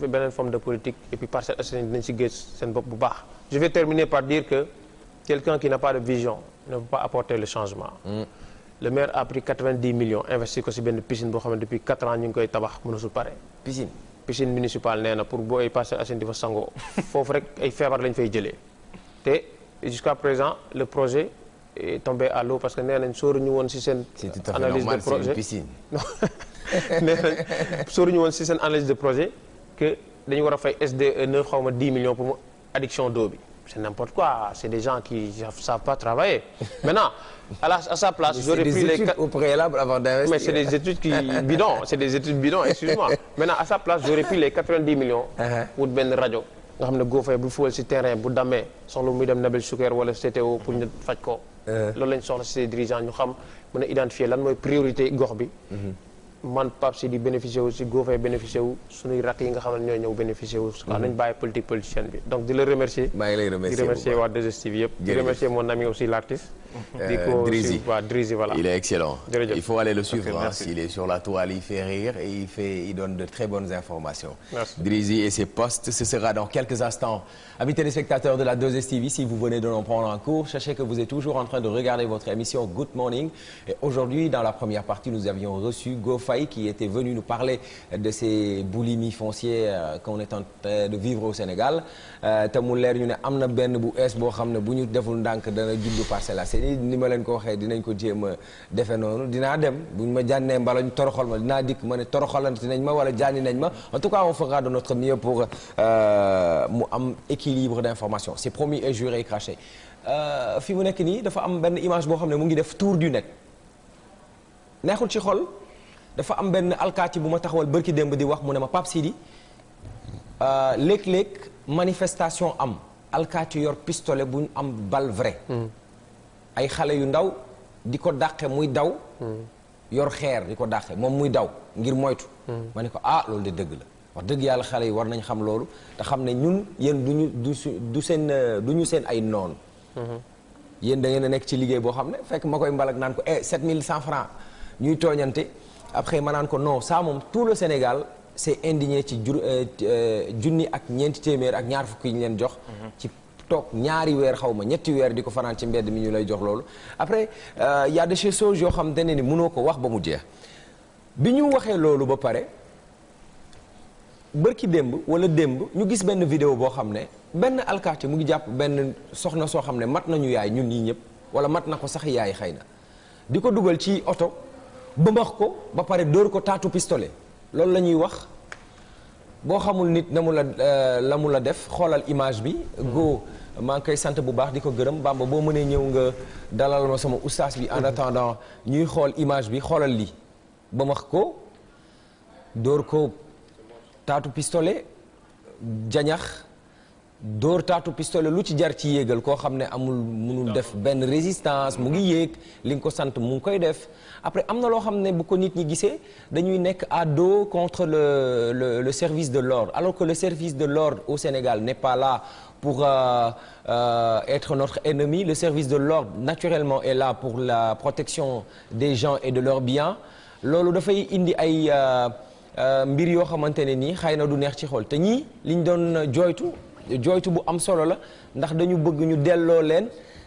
beneen forme de politique et puis Parcelles Assainies dinañ si gis seen bopp bu baax. je vais terminer par dire que quelqu'un qui n'a pas de vision ne peut pas apporter le changement. Mm. le maire a pris 90 millions investi ko si benn piscine boo ñu ngi koy tabax mëna su piscine municipale nee na pour booy passé assaini di fa sangoo foofu rek ay feebar lañ fay jëlee te jusqu'à présent le projet est tombé parce que nee nañ sóoruñu woon si seen analyse de projet nee nañ sóoruñu woon si seen analyse de projet que dañu war fay SDE 9 xaw ma 10 millions pour mu adduction d'eau bi c'est n'importe quoi. C'est des gens qui ne savent pas travailler. Maintenant, à, la, à sa place, j'aurais pris Au préalable avant d'investir. Mais c'est des études qui bidons. C'est des études bidons, excuse-moi. Maintenant, à sa place, j'aurais pris les 90 uh-huh. benn rajo. nga xam ne góofee bu fuwal si terrain bu damee soxla muy dem Nabil Souker wala CTO pour ñu faj ko. Uh-huh. loolu lañ soxla si dirigeant ñu xam mën a identifier lan mooy priorité gox bi. Mm-hmm. man Pape Sidi bénéficié wu si Gouffin bénéficié wu suñuy rakk yi nga xam ne ñooy ñëw bénéficié wu. waaw mhm. nañ bàyyi politicienne bi di la remercier.
di remercier
waa 2STV di remercier mon ami aussi l' euh, di ko Drizzy waaw Drizzy il est excellent
il faut aller le suivre il est sur la toile il fait rire et il donne de très bonnes informations. merci Drizzy et ses posts ce sera dans quelques instants. Amis téléspectateurs de la 2STV, si vous venez de nous prendre un cours, sachez que vous êtes toujours en train de regarder votre émission Good Morning. Et aujourd'hui, dans la première partie, nous avions reçu Gofaï qui était venu nous parler de ces boulimies foncières euh, qu'on est en train de vivre au Sénégal. Euh, te mu leer ñu ne am na benn bu ees boo xam ne bu ñu deful ndànk dana juddu Parcelles Assainies ni ma leen ko waxee dinañ ko jéem a defee noonu dinaa dem buñ ma jànnee mbala ñu toroxal ma dinaa dikk ma ne toroxalante nañ ma wala jànni nañ ma en tout cas on fera de notre mieux pour euh, mu am équipe équilibre d'information c'est promis et juré et craché euh, fi mu nekk nii dafa am benn image boo xam ne mu ngi def tour du net neexul ci xol dafa am benn alkaati bu ma taxawal bërki démb di wax mu ne ma Pape Sidi euh, léeg-léeg manifestation am alkaati yor pistolet bu ñu am bal vrai hmm. ay xale yu ndaw di ko dàqe muy daw hmm. yor xeer di ko dàqe moom muy daw ngir moytu hmm. ma ne ko ah loolu de dëgg la wax dëgg yàlla xale yi war nañ xam loolu te xam ne ñun yéen du ñu du du seen euh, du ñu seen ay noon mm-hmm. yéen da ngeen a nekk ci liggéey boo xam ne fekk ma koy mbalak naan ko eh 7100 francs ñuy tooñante après ma ko non ça moom tout le Sénégal c'est indigné ci jur euh, euh, junni ak ñeenti téeméer ak ñaar fukki ñu leen jox mm-hmm. ci toog ñaari weer xaw ma ñetti weer di ko fanaan ci mbedd mi ñu lay jox loolu après y a des choses yoo xam ne ni mënoo ko wax ba mu jeex bi ñu waxee loolu ba pare bërki démb wala démb ñu gis benn vidéo boo xam ne benn alkaati mu ngi jàpp benn soxna soo xam ne mat nañu yaay ñun ñii ñëpp wala mat na ko sax yaay xëy na di ko dugal ci oto bëmbax ko ba pare dóor ko taatu pistolet loolu la ñuy wax boo xamul nit na mu la euh, la mu la def xoolal image bi go maa ngi koy sant bu baax di ko gërëm Bamba boo mënee ñëw nga dalal ma sama ustaas bi en attendant ñuy xool image bi xoolal li bëmbax ko dóor ko taatu pistolet jañax door taatu pistolet lu ci jar ci yéegal koo xam ne amul mënul def benn résistance mu ngi yéeg li nga ko sant mu ngi koy def après am na loo xam ne bu ko nit ñi gisee dañuy nekk à dos contre le le le service de l'ordre alors que le service de l'ordre au Sénégal n'est pas là pour euh, euh, être notre ennemi le service de l'ordre naturellement est là pour la protection des gens et de leurs biens loolu dafay indi ay euh, Euh, mbir yoo xamante ne nii xëy na du neex ci xool te ñii liñ doon jooytu jooytu bu am solo la ndax dañu bëgg ñu delloo leen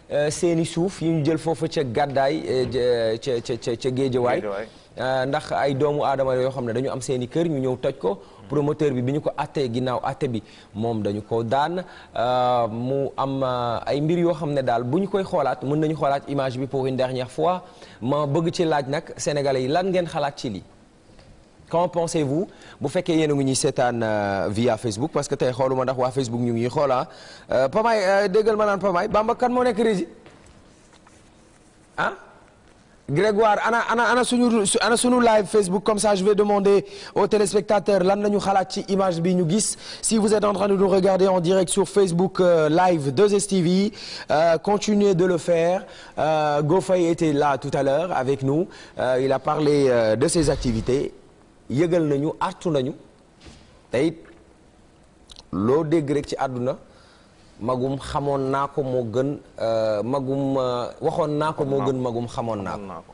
euh, seeni suuf yi ñu jël foofu ca gàddaay euh, ca ca ca géejawaay ndax ay doomu aadama yoo xam ne dañu am seeni kër ñu ñëw toj ko promoteur bi bi ñu ko attee ginnaaw atte bi moom dañu ko daan mu am ay mbir yoo xam ne daal bu ñu koy xoolaat mën nañu xoolaat image bi pour une dernière fois ma bëgg ci laaj nag sénégalais yi lan ngeen xalaat ci lii qu'en pensez-vous bu fekkee yéen a ngi ñuy seetaan euh, via Facebook parce que tey xooluma ndax waa Facebook ñu ngi ñuy xoolaa ah. euh, Pamay euh, déggal ma naan Pamay Bamba kan moo nekk régie ah Grégoire ana ana ana suñu ana suñu live Facebook comme ça je vais demander aux téléspectateurs lan nañu xalaat ci image bi ñu gis si vous êtes en train de nous regarder en direct sur Facebook euh, live 2STV euh, continuez de le faire euh, Gofay était là tout à l'heure avec nous il a parlé de ses activités yëgal nañu artu nañu te loo dégg rek ci àdduna magum xamoon naa ko moo gën euh, magum euh, waxoon naa ko moo gën magum xamoon naa ko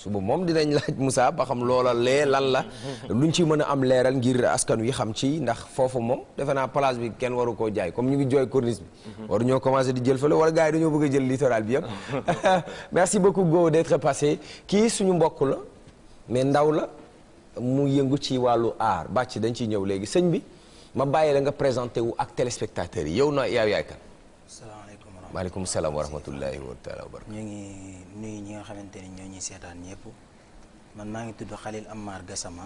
suba moom dinañ laaj Moussa ba xam loola lee lan la luñ ci mën a am leeral ngir askan wi xam ci ndax foofu moom defe naa place bi kenn waru koo jaay comme ñu ngi jooy corniche bi mhm. waru ñoo commencé di jël fële wala gars yi dañoo bëgg a jël littoral bi yëpp merci beaucoup Go d'être passé kii suñu mbokk la mais ndaw la mu yëngu ci wàllu aar bàcc dañ ciy ñëw léegi sëñ bi ma bàyyi la nga présenté wu ak téléspectateurs yi yow na yow yaay kan. salaamaaleykum maaleykum salaam wa rahmatullahi wa taala ñu ngi
nuyu ñi nga xamante ni ñoo ñuy seetaan ñëpp man maa ngi tudd Khalil Amar Gassama.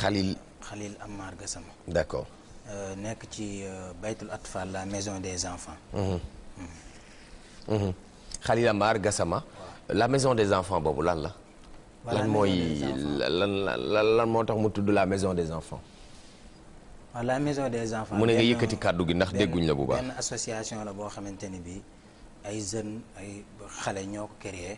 Khalil Khalil Amar Gassama. d' accord. Euh, nekk ci euh, Baytul Atfal la maison des enfants.
Mhm. Mhm. Mhm. Khalil Amar Gassama. la maison des enfants boobu lan la. lan mooy lan lan lan moo tax mu tudd la maison des enfants.
waaw ah, la maison des enfants. mu ne nga yëkkati kàddu gi ndax dégguñ la bu baax. benn association la boo xamante ni bii ay jeunes ay xale ñoo ko créé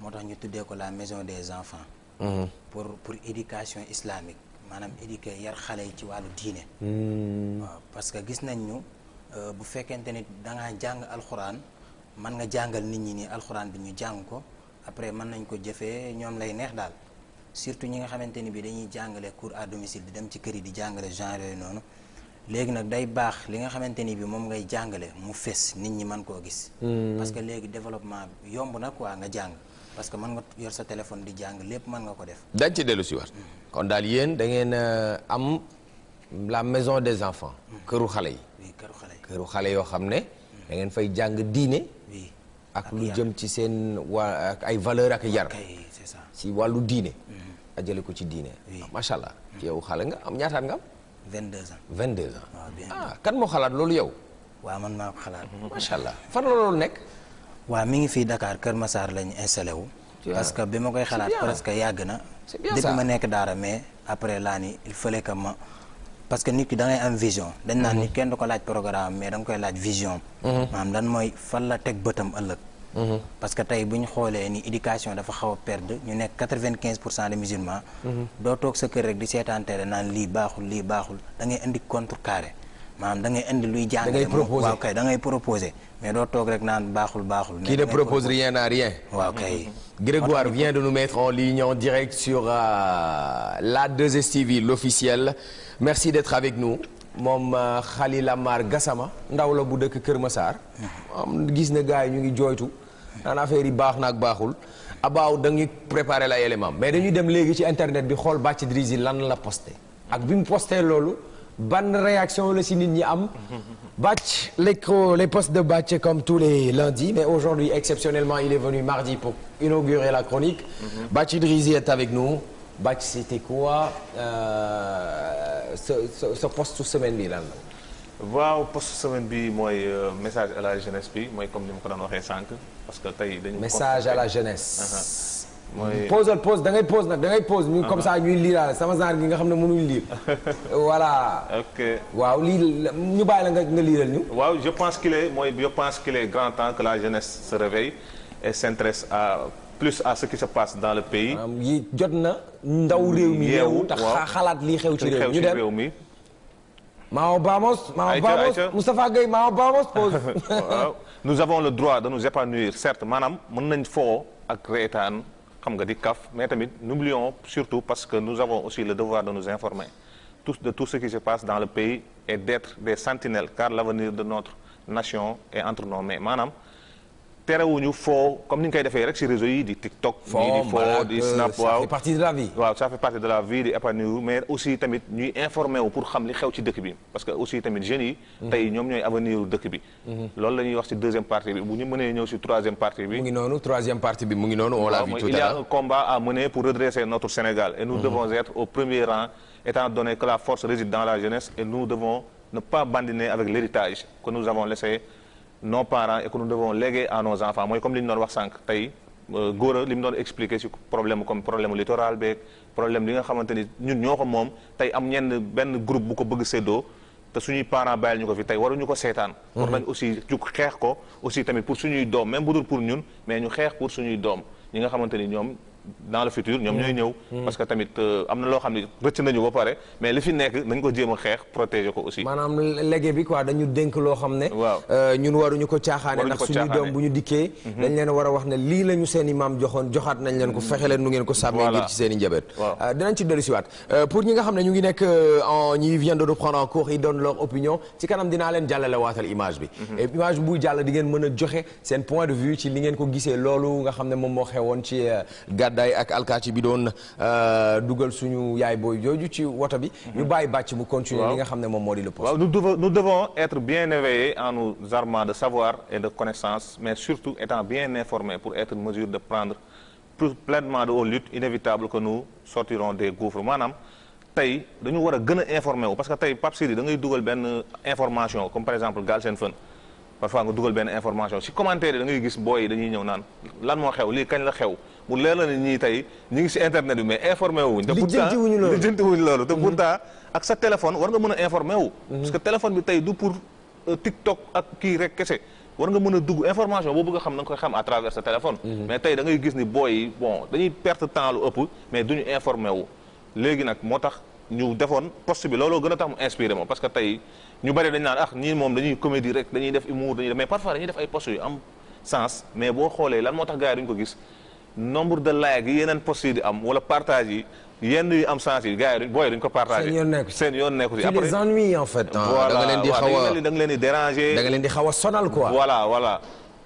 moo tax ñu tuddee ko la maison des enfants. Mhm. pour pour éducation islamique maanaam éduquer yar xale yi ci wàllu diine. Mhm. waaw parce que gis nañ ñu euh, bu fekkente ni da jàng alxuraan mën nga jàngal nit ñi ni alxuraan bi ñu jàng ko. après mën nañ ko jëfee ñoom lay neex daal surtout ñi nga xamante ni bi dañuy jàngale cours à domicile di dem ci kër yi di jàngale genre yooyu noonu léegi nag day baax li nga xamante ni bi moom ngay jàngale mu fes nit ñi man koo gis hmm. parce que léegi développement yomb na waa nga jàng parce que mën nga yor sa téléphone di jàng lépp mën nga ko def
dañ ci dellu si waat hmm. kon daal yéen dangeen ngeen euh, am la maison des enfants hmm. këru xale yi këru xale yi këru xale yoo xam ne ngeen fay jàng diine ak lu jëm ci seen waa ak ay valeur ak yar si wàllu diine mhm. ajale ko ci diine ah, macha allah yow xale nga am ñaataat nga am 22 ans 22 ans ah kan moo xalaat loolu yow waaw man maa ko xalaat macha allah fan la
loolu nekk waaw mi ngi fii Dakar Kër Massar lañu installé wu parce que bi ma koy xalaat que yàgg na depuis ma nekk daara mais après laa ni il fallait que ma parce que nit ki da ngay am vision. dañ naan nit mhm. kenn du ko laaj programme mais da koy laaj vision. Mhm. maanaam lan mooy la teg bëtam ëllëg. Mhm. parce que tey bu xoolee ni éducation dafa xaw a ñu nekk quatre-vingt-quinze pour cent de musulmans. doo toog sa kër rek di seetaan télé naan lii baaxul lii baaxul da indi contrecarré maanaam da ngay indi luy. jàngale moom waaw kay da ngay mais doo toog rek naan baaxul baaxul. qui ne propose rien à rien.
waaw kay. Grégoire vient de nous mettre en ligne en direct sur euh, la 2STV l'officiel merci d'être avec nous. moom euh, Khalil Amar gasama ndaw la bu dëkk Kër Massar. am gis ne gars yi ñu ngi jooytu. naan affaire yi baax na ak baaxul. abaaw dañuy préparer la élément mais dañuy dem léegi ci internet bi xool bàcc Drizzy lan la posté. ak bi mu posté loolu. ban réaction la si nit ñi am Bac les crocs, les postes de Bac comme tous les lundis mais aujourd'hui exceptionnellement il est venu mardi pour inaugurer la chronique mm -hmm. Bac Idrizi est avec nous Bac c'était quoi euh, ce, ce, ce poste semaine
bi lan la waaw poste semaine bi mooy euh, message à la jeunesse mooy comme ni ma ko daan waxee sànq parce que tey dañu message à la jeunesse uh-huh.
mooy posal pose da ngay pose nag da ngay pose ñu comme ça ah. ñuy liiraale sama genre gi nga xam ne mënuñu liir voilà. waaw lii ñu bàyyi la nga nga ñu.
waaw je pense qu'il est mooy je pense qu'il est grand temps que la jeunesse se réveille et s'intéresse à. plus à ce qui se passe dans le pays.
yi jot na ndaw réew mi. yeewu waaw te xalaat li xew ci réew mi ñu dem
Mao Bamos.
Mao Bamos Moustapha Gueye Mao Bamos pose.
nous avons le droit de nous épanouir certes maanaam mën nañ foo ak reetaan. xam nga di kaf mais tamit n'oublions surtout parce que nous avons aussi le devoir de nous informer tout de tout ce qui se passe dans le pays et d'être des sentinelles car l'avenir de notre nation est entre nos maanaam terewuñu foo comme ni ñu koy defee rek si réseau yi di TikTok. foo di foo di snap waaw ça fait partie de la vie. waaw ça fait mais aussi tamit ñuy informé w pour xam li xew ci dëkk bi parce que aussi tamit jeunes yi. Mhm. tey ñoom ñooy avenir dëkk bi. Mhm. lool la ñuy wax si deuxième partie bi bu ñu mënee ñëw si troisième partie bi. mu ngi noonu troisième partie bi mu ngi noonu. on l'a vu tout à l'heure il y a un combat à mener pour redresser notre Sénégal. e nous mhm. devons être au premier rang étant donné que la force nos parents et que nous devons léguer à nos enfants mooy comme li doon wax sànq tey euh, góor a li mu doon expliquer ci problème comme problème littoral beeg problème li nga xamante ñun ñoo ko moom tey am ñenn benn groupe bu ko bëgg séddoo te suñuy parents bàyyil ñu ko fi tey a ñu ko seetaan mhm. war nañ aussi jug xeex ko aussi tamit pour suñuy doom même bu dul pour ñun mais ñu xeex pour suñuy doom ñi nga xamante ni ñoom dans le futur ñoom ñooy mm. ñëw. Mm. parce que tamit euh, am na loo xam ne rëcc nañu ba pare mais li fi nekk nañ ko jéem a xeex protéger ko aussi.
maanaam léegi bi quoi dañu dénk loo xam ne. Euh, ñun waruñu ko caaxaane ndax suñu doom bu ñu dikkee. Mm-hmm. dañ leen war a wax ne lii la ñu maam joxoon joxaat nañ leen ko mm-hmm. fexe leen ngeen ko sàmmee. ngir ci seen i njaboot. Euh, ci dellu pour ñi nga xam ne ñu ngi nekk ñi vient de reprendre en cours yi doon leur opinion ci gàddaay ak alkaati bi doon euh, dugal suñu yaay booy jooju ci woto bi. Mhm. ñu bàyyi bàcc mu continuer li nga xam ne moom moo di le
poste. waaw nous être bien éveillés en nous armant de savoir et de connaissance mais surtout étant bien informés pour être en mesure de prendre plus pleinement de aux luttes inévitables que nous sortirons des gouffres maanaam. tey dañu war a gën a informé wu parce que tey Pape Sidi da ngay dugal benn information comme par exemple Galsen Fun parfois nga dugal information si commentaire yi gis booy yi dañuy ñëw naan lan moo xew lii kañ la xew mu leer la ne ñii tey ñu ngi si internet bi mais informé wuñ te pourtant lijjanti wuñu loolu te mhm. pourtant ak sa téléphone war nga mën a informé wu mhm. parce que téléphone bi tey du pour euh, TikTok ak kii rek kese war nga mën a dugg information boo bëgg xam na nga koy xam à travers sa mhm. mais tey da ngay gis ni booy yi bon dañuy perte temps lu ëpp mais duñu informé wu léegi nag moo tax ñu defoon poste bi looloo gën a tax mu inspiré parce que tey ñu bari dañ naan ah ñii moom dañuy comédie rek dañuy def humour dañuy def mais parfois dañuy def ay poste yu am sens mais boo xoolee lan moo tax gars ko gis nombre de like yi yeneen post yi di am wala partage yi yenn yu am sens yi gars yi booy duñ ko partagé. seen yoon nekku ci seen yoon nekku ci après les ennuis
en fait. voilà da nga leen di xaw a da nga leen di déranger. da nga leen di xaw a sonal quoi. voilà
voilà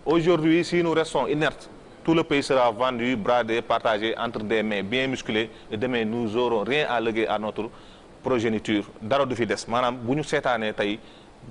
aujourd'hui si nous restons inertes tout le pays sera vendu bradé partagé entre des mains bien musclées et demain nous aurons rien à léguer à notre progéniture dara du fi des maanaam bu ñu seetaanee tey.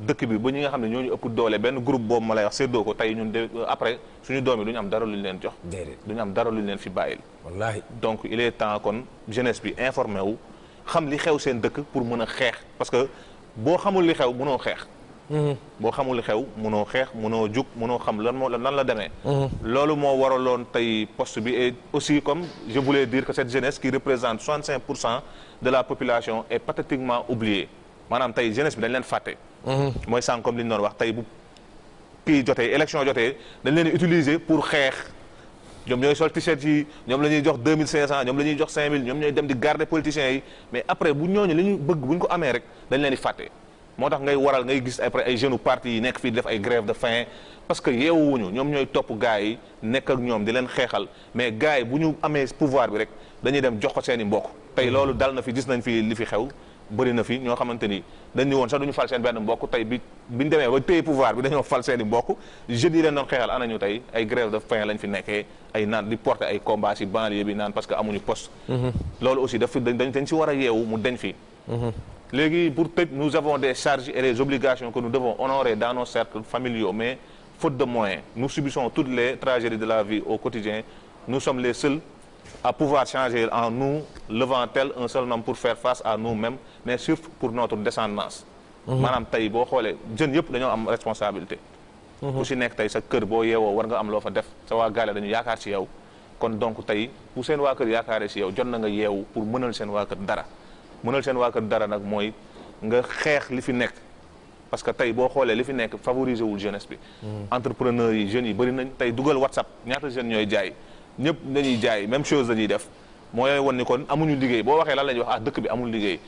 dëkk bi ba ñi nga xam ne ñooñu ëpp doole benn groupe boobu ma lay wax séddoo ko tey ñun de euh, après suñu doom yi du ñu am dara lu ñu leen jox. déedéet du ñu am dara lu ñu leen fi bàyyil. wallaahi donc il e temps kon jeunesse bi informé wu xam li xew seen dëkk pour mën a xeex parce que boo xamul li xew mënoo xeex. Mm-hmm. boo xamul li xew mënoo xeex mënoo jug mënoo xam lan moo lan la demee. Mm-hmm. loolu moo loon tey poste bi et aussi comme je voulais dire que cette jeunesse qui représente 65 pour cent de la population est pathétiquement tey jeunesse dañ leen fàtte. Mm-hmm. mooy sànq comme li ñu doon wax tey bu kii jotee élection jotee dañ leen utiliser pour xeex ñoom ñooy sol t-shirt yi ñoom la ñuy jox 2500 ñoom la ñuy jox 5000 ñoom ñooy dem di garder politiciens yi mais après bu ñooñu li ñu bëgg bu ñu ko amee rek dañ leen di fàtte moo tax ngay waral ngay gis après ay jeunes parti yi nekk fii def ay grève de faim parce que yeewuwuñu ñoom ñooy topp gars yi nekk ak ñoom di leen xeexal mais gars yi bu ñu amee pouvoir bi rek dañuy dem jox ko seeni mbokk tey loolu dal na fi gis nañ li fi xew bëri fi ñoo xamante ni woon sax duñu fal seen benn mbokk tey bi biñu demee ba téye pouvoir bi dañoo fal seen i mbokk jeunes leen doon xeexal anañu tey ay grève de faim lañ fi nekkee ay naan di porter ay combat si banlieue bi naan parce que amuñu poste mhm. loolu aussi daf fi dañ si war a yeewu mu deñ fi mhm. léegi pour tëj nous avons des charges et des obligations que nous devons honorer dans nos familiaux mais faute de moyens nous subissons toutes à pouvoir changer en nous, levant tel un seul nom pour faire face à nous-mêmes, mais surtout pour notre descendance. Mhm. maanaam tey boo xoolee jën yëpp dañoo am responsabilité. Mhm. u si nekk tey sa kër boo yeewoo war nga am loo fa def sa waa gaale dañu yaakaar si yow. kon donc tey u seen waa kër yaakaaree si yow jot na nga yeewu pour mënal seen waa kër dara mënal seen waa kër dara nag mooy nga xeex li fi nekk. parce que tey boo xoolee li fi nekk favoriser wul jeunesse bi. Mhm. entrepreneur yi jeunes yi bëri nañ tey dugal WhatsApp ñaata jeunes ñooy jaay. ñëpp dañuy jaay même chose dañuy def moo won ni kon amuñu liggéey boo waxee lan la wax ah dëkk bi amul liggéey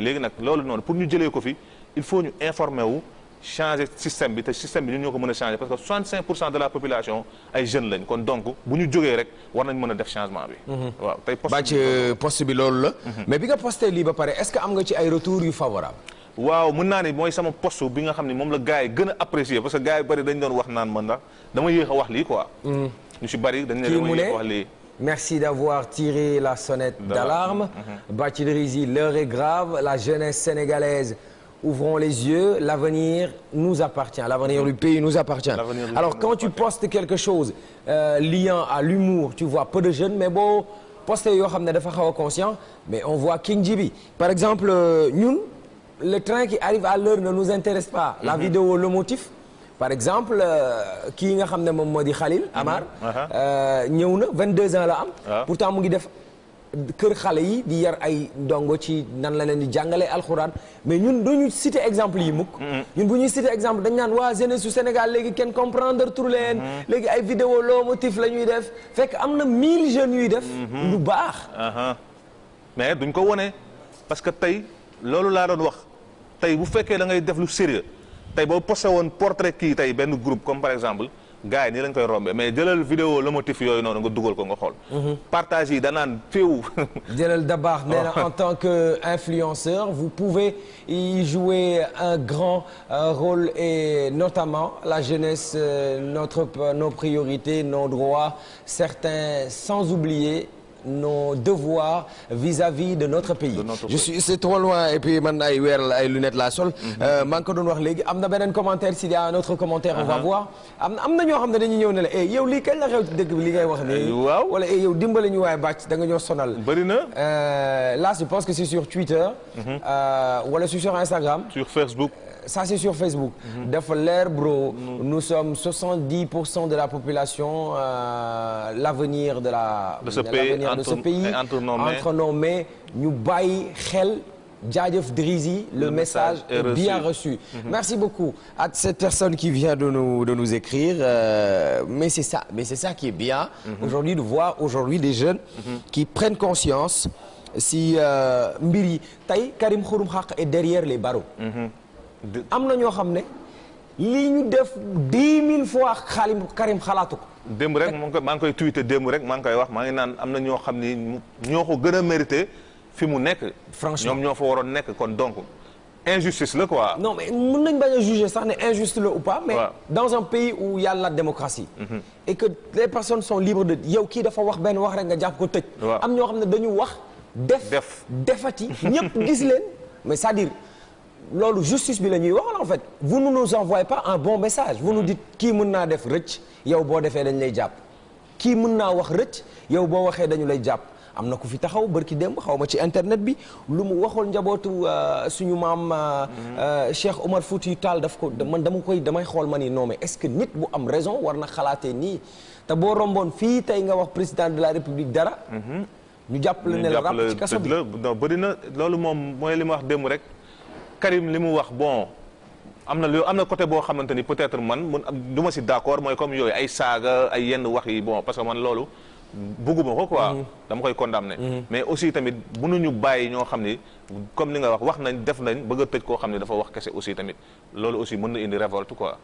léegi nag loolu noonu pour ñu jëlee ko fi il faut ñu informer changer système bi te système bi ñun ñoo ko mën a changer parce que de la population ay jeunes lañ kon donc bu ñu jógee rek war nañ mën a def changement bi. Mhm. waaw tey euh, poste bi loolu la. Mhm. mais bi nga posté lii ba pare est-ce que am nga ci ay retours yu favorable waaw mën a naan a ñu si bari dañ leen wax lii
merci d'avoir tiré la sonnette d'alarme mhm. Bachidrizi l'heure est grave la jeunesse sénégalaise ouvrons les yeux l'avenir nous appartient l'avenir du pays nous appartient alors quand tu postes quelque chose euh, liant à l'humour tu vois peu de jeunes mais bon poste yoo xam ne dafa xaw a conscient mais on voit King Jibi par exemple euh, ñun le train qui arrive à l'heure ne nous intéresse pas la mhm. vidéo le motif par exemple euh, kii nga xam ne moom moo di Khalil mhm. Amar uh-huh. euh, ñëw na 22 ans la am pourtant mu ngi def kër xale yi di yar ay ndongo ci nan la leen di jàngalee alxuraan mais ñun duñu citer exemple yi mukk mm-hmm. ñun bu ñuy citer exemple dañ naan waa jeunesse su Sénégal léegi kenn comprendre tur
leen mm-hmm. léegi ay video loo motif la ñuy def fekk am na mille jeunes yuy def mm-hmm. lu baax uh-huh. mais duñ ko wone parce que tey loolu laa doon wax tey bu fekkee da ngay def lu sérieux tey boo posté woon portrait kii tey benn groupe comme par exemple gars yi nii lañ koy rombee mais jëlal vidéo le motif yooyu noonu nga dugal ko nga xool. Mhm. partage yi danaan
féew. jëlal Dabax nee en tant que influenceur vous pouvez y jouer un grand euh, rôle notamment la jeunesse euh, notre euh, nos priorités nos droits certains sans oublier. nos devoirs vis-à-vis de notre pays. de notre je suis trop loin et man ay weer la ay lunettes la sol. Mhm. Euh, maa ngi ko doon wax léegi am na beneen commentaire si y a un autre commentaire. on va uh-huh. voir am na am na ñoo xam ne dañuy ñëw ne la eh lii kañ xew ci dëkk li ngay wax nii. Eh, waaw wala eh yow dimbali ñu waaye bàcc da nga ñoo sonal. bëri na. Euh, là je pense que c'est sur Twitter. Mhm. Euh, wala sur Instagram. sur Facebook. ça c'est sur Facebook. Mhm. dafa leer bro. Mhm. pour cent de la population euh, l'avenir de la. de ce pays de ce ñu bàyyi xel. jaajëf Drizzy le, le message, message est bien mhm. beaucoup à cette personne qui vient de nous de nous écrire euh, mais c'est des jeunes mm -hmm. qui prennent conscience euh, mbir yi tey Karim Xurum Xaq est
am na ñoo xam ne li ñu def dix mille fois xaalim Karim xalaatu ko. démb rek maa ngi koy maa démb rek maa ngi koy wax maa ngi naan am na ñoo xam ni ñoo ko gën a mérité fi mu nekk. franchement ñoom ñoo fa waroon nekk kon donc. injustice la quoi. non mais mën nañ bañ a juger sax ne injuste la ou pas. mais ouais. dans un pays où y a la
démocratie. Mm -hmm. et que les personnes sont libres de yow kii dafa wax benn wax rek nga jàpp ko tëj. am ñoo xam ne dañu wax. def defati ñëpp gis loolu justice bi la ñuy waxal en fait vous ne nous envoyez pas un bon message vous nous kii mën naa def rëcc yow boo defee dañu lay jàpp kii mën naa wax rëcc yow boo waxee dañu lay jàpp am na ku fi taxaw bërki dem xaw ma ci internet bi lu mu waxool njabootu euh, suñu maam euh, mhm. euh, Cheikh Omar Fouti taal daf ko man dama koy damay xool ma ni non mais est-ce nit bu am raison war na xalaatee nii te boo romboon fii tey nga wax président de la république dara mhm. ñu
jàppale ne la ràpp ci kaso bi na loolu moom mooy li ma wax démb rek Karim li mu wax bon am na lu am na côté boo xamante ni peut-être man mun du ma si d'accord mooy comme yooyu ay saaga ay yenn wax yi bon parce que man loolu bugguma ko quoi. Mhm. dama koy condamner. Mhm. mais aussi tamit ñu bàyyi ñoo xam ni comme li nga wax wax nañ def nañ bëgg a tëj koo xam ni dafa wax kese aussi tamit loolu aussi mën na indi révolte quoi.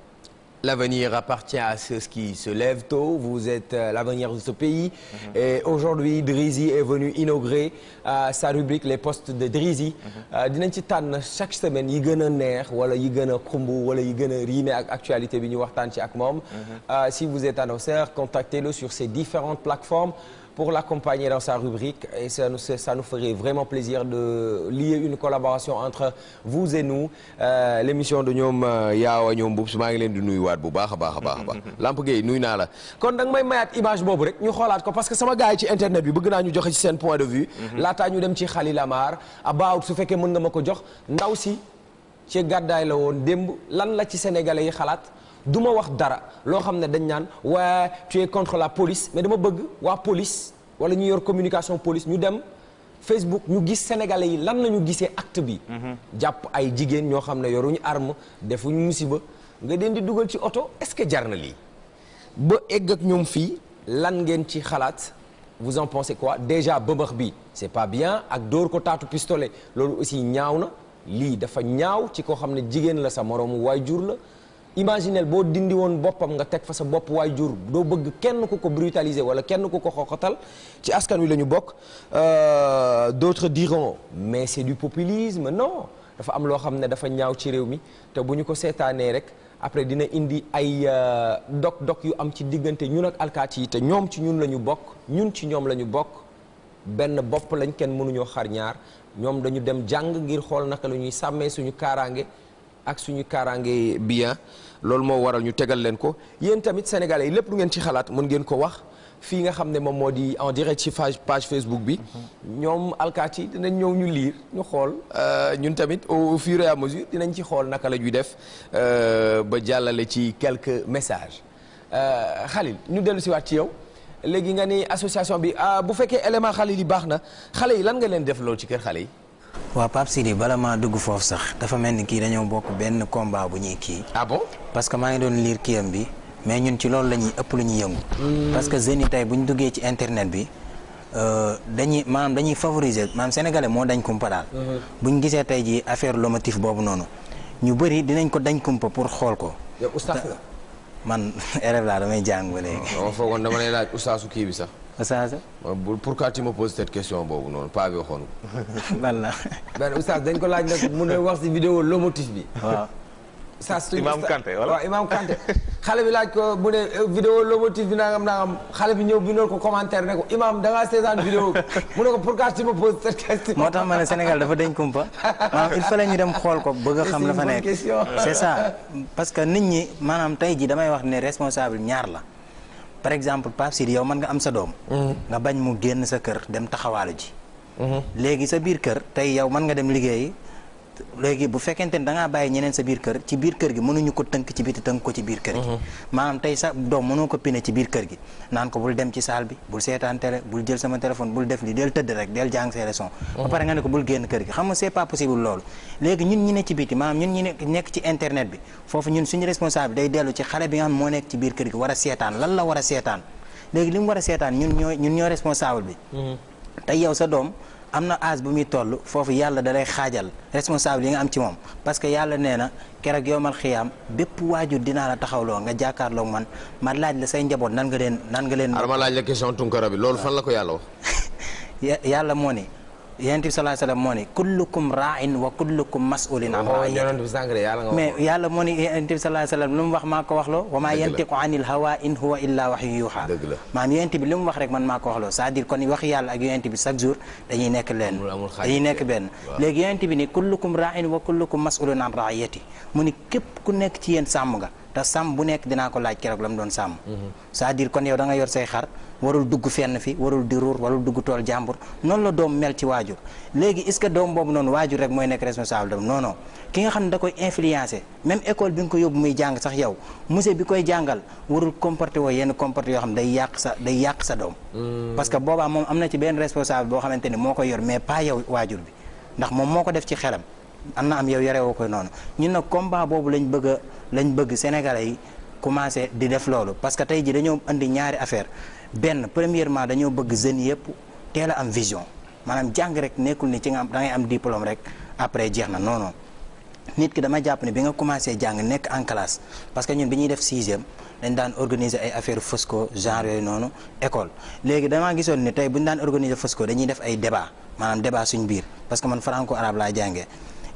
L'avenir appartient à ceux qui se
lèvent tôt. Vous êtes euh, l'avenir de ce pays. Mm-hmm. Et aujourd'hui, Drizzy est venu inaugurer euh, sa rubrique Les Postes de Drizzy. Mhm. Euh, dinañ ci tànn chaque semaine yi gën a neex wala yi gën a xumb wala yi gën a riime ak actualité bi ñu waxtaan ci ak moom. Mhm. Si vous êtes annonceur, contactez-le sur ces différentes plateformes. pour l'accompagner dans sa rubrique et ça nous ça nous ferait vraiment plaisir de lier une collaboration entre vous et nous euh, l'émission de ñoom euh, yaawa ñoom boobu su maa ngi leen di nuyuwaat bu baax a baax a baax a baax Lamp naa la kon da nga may mayaat image boobu rek ñu xoolaat ko parce que sama gars yi ci internet bi bëgg naa ñu joxe ci seen point de vue mhm. laataa ñu dem ci Khalila Mar about su fekkee mën nga ma ko jox ndaw si ci gàddaay la woon démb lan la ci sénégalais yi xalaat du ma wax dara loo xam ne dañ naan waa tu es contre la police mais dama bëgg waa police wala ñu yor communication police ñu dem Facebook ñu gis sénégalais yi lan la ñu gisee acte bi. Mhm. jàpp ay jigéen ñoo xam ne yoruñu arme defuñu musiba nga leen di dugal ci oto est-ce que jar na lii. ba egg ak ñoom fii lan ngeen ci xalaat vous en pensez quoi déjà bëmbax bi c'est pas bien ak dóor ko taatu pistolet loolu aussi ñaaw na lii dafa ñaaw ci koo xam ne jigéen la sa moroomu waajur la. imaginel boo dindi woon boppam nga teg fa sa bopp waay jur doo bëgg kenn ku ko brutaliser wala kenn ku ko xoxatal ci askan wi la ñu bokk euh, d'autres diront mais c'est du populisme non dafa am loo xam ne dafa ñaaw ci réew mi te bu ñu ko seetaanee rek après dina indi ay dog-dog euh, yu am ci diggante ñun ak alkaati yi te ñoom ci ñun la ñu bokk ñun ci ñoom la ñu bokk benn bopp lañ kenn mënuñoo xarñaar ñoom dañu dem jàng ngir xool naka la ñuy sàmmee suñu kaaraange ak suñu kaaraange bien loolu moo waral ñu tegal leen ko yéen tamit sénégalais yi lépp lu ngeen ci xalaat mun ngeen ko wax fii nga xam ne moom moo di en direct ci page page Facebook bi ñoom alkaati yi dinañ ñëw ñu liir ñu xool euh, ñun tamit au fur et mesure dinañ ci xool naka la ñuy def euh, ba jàllale ci quelques messages euh, Khalil ñu dellu si waat ci yow léegi nga ni association bi ah, bu fekkee élément xale yi baax na xale yi lan nga leen def loolu ci kër xale yi
waaw Pape Sidi bala maa dugg foofu sax dafa mel ni kii dañoo bokk benn combat bu ñuy kii. ah parce que maa ngi doon liir kiyam bi mais ñun ci loolu la ñuy ëpp lu ñuy yëngu. Hmm. parce que jeunes yi ñu duggee ci internet bi. Euh, dañuy maanaam dañuy favoriser maanaam sénégalais moo dañ kumpa daal. Hmm. bu ñu gisee tey jii affaire lomotif boobu noonu ñu bëri dinañ ko dañ kumpa pour xool ko. yow ustaas la man élève laa damay
jàng ba léegi. waaw oh, oh, foogoon dama lay laaj ustaasu kii bi sax. Oustaz. pourquoi tu me poses cette question boobu noonu paa bi waxoon ko. walla. benn dañ ko laaj nag mun wax si vidéo lomotif bi. waaw. Oustaz Imaam Kanté walla waaw bi laaj ko bu ne euh, vidéo lomotif bi nangam nangam xale bi ñëw bindoon ko commentaire ne ko Imaam da ngaa seetaan vidéo mu ne ko pourquoi tu me poses cette question. moo tax ma ne Sénégal dafa dañ kumpa maanaam il fallait ñu dem xool ko bëgg
xam la fa nekk. c'est ça parce que nit ñi maanaam tey ji damay wax ne responsable ñaar la. par exemple Pape Sidi yow mën nga am sa doom. Mhm. nga bañ mu génn sa kër dem taxawaalu ji. Mhm. léegi sa biir kër tey yow mën nga dem liggéeyi léegi bu fekkente ne da ngaa bàyyi ñeneen sa biir kër ci biir kër gi mënuñu ko tënk ci biti tënk ko ci biir kër gi mhm. maanaam tey sa doom mënoo ko pine ci biir kër gi naan ko bul dem ci saal bi bul seetaan télé bul jël sama téléphone bul def li del tëdd rek del jàng ses leçons ba mhm. pare nga ne ko bul génn kër gi xam nga c'est pas possible loolu léegi ñun ñi ne ci biti maanaam ñun ñi ne nekk ci internet bi foofu ñun suñu responsable day dellu ci xale bi nga xam moo nekk ci biir kër gi war a seetaan lan la a seetaan léegi li mu war a seetaan ñun ñooy ñun ñooy responsable bi mhm. tey yow sa doom am na âge bu muy toll foofu yàlla da xaajal responsable yi nga am ci moom parce que yàlla nee na keroog yowmal xiyaam bépp waajur dinaa la taxawloo nga jàkkaarloo man ma laaj la say njaboot nan nga leen nan nga leen. ma laaj la
question tunkara bi loolu fan la ko yàlla wax.
yàlla moo ne yonent bi sallallahu alayhi wasallam moo ne kullukum ra'in wa kullukum mas'ulun an ra'iyatihi mais yàlla moo ne yonent bi sallallahu alayhi wasallam lu mu wax maa ko wax loo wa maa yantiqu anil hawa in huwa illa wahyun yuha maanaam yonent bi lu mu wax rek man maa ko wax loo c'est-à-dire kon wax yàlla ak yonent bi chaque jour dañuy nekk leen dañuy nekk benn léegi yonent bi ni kullukum ra'in wa kullukum mas'ulun an ra'iyatihi mu ni képp ku nekk ci yéen sàmm nga te sàmm bu nekk dinaa ko laaj keroog la mu doon sàmm mhm. c'est-à-dire kon yow da nga yor say xar warul dugg fenn fi warul di ruur warul dugg tool jàmbur noonu la doom mel ci waajur léegi est-ce que doom boobu noonu waajur rek mooy nekk responsable doom non non ki nga xam ne da koy influencer école bi ko yóbbu muy jàng sax yow monsieur bi koy jàngal warul comporter woo yenn comporter yoo xam ne day yàq sa day yàq sa doom hmm. parce que boobaa am na ci benn responsable boo xamante ni moo koy yor mais waajur bi ndax moom moo ko def ci xelam am na am yow yore woo koy noonu ñun nag combat boobu lañ bëgg lañ bëgg sénégalais yi commencé di def loolu parce que tey ji dañoo indi ñaari affaire benn premièrement dañoo bëgg jeunes yëpp teel a am vision maanaam jàng rek nekkul ni ci nga am da am diplôme rek après jeex na non nit ki dama jàpp ne bi nga commencé jàng nekk en classe parce que ñun bi ñuy def sixième dañ daan organiser ay affaire fosco genre yooyu noonu école léegi damaa gisoon ni tey bu ñu daan organiser fosco dañuy def ay débat maanaam débat suñ biir parce que man franco arabe laa jàngee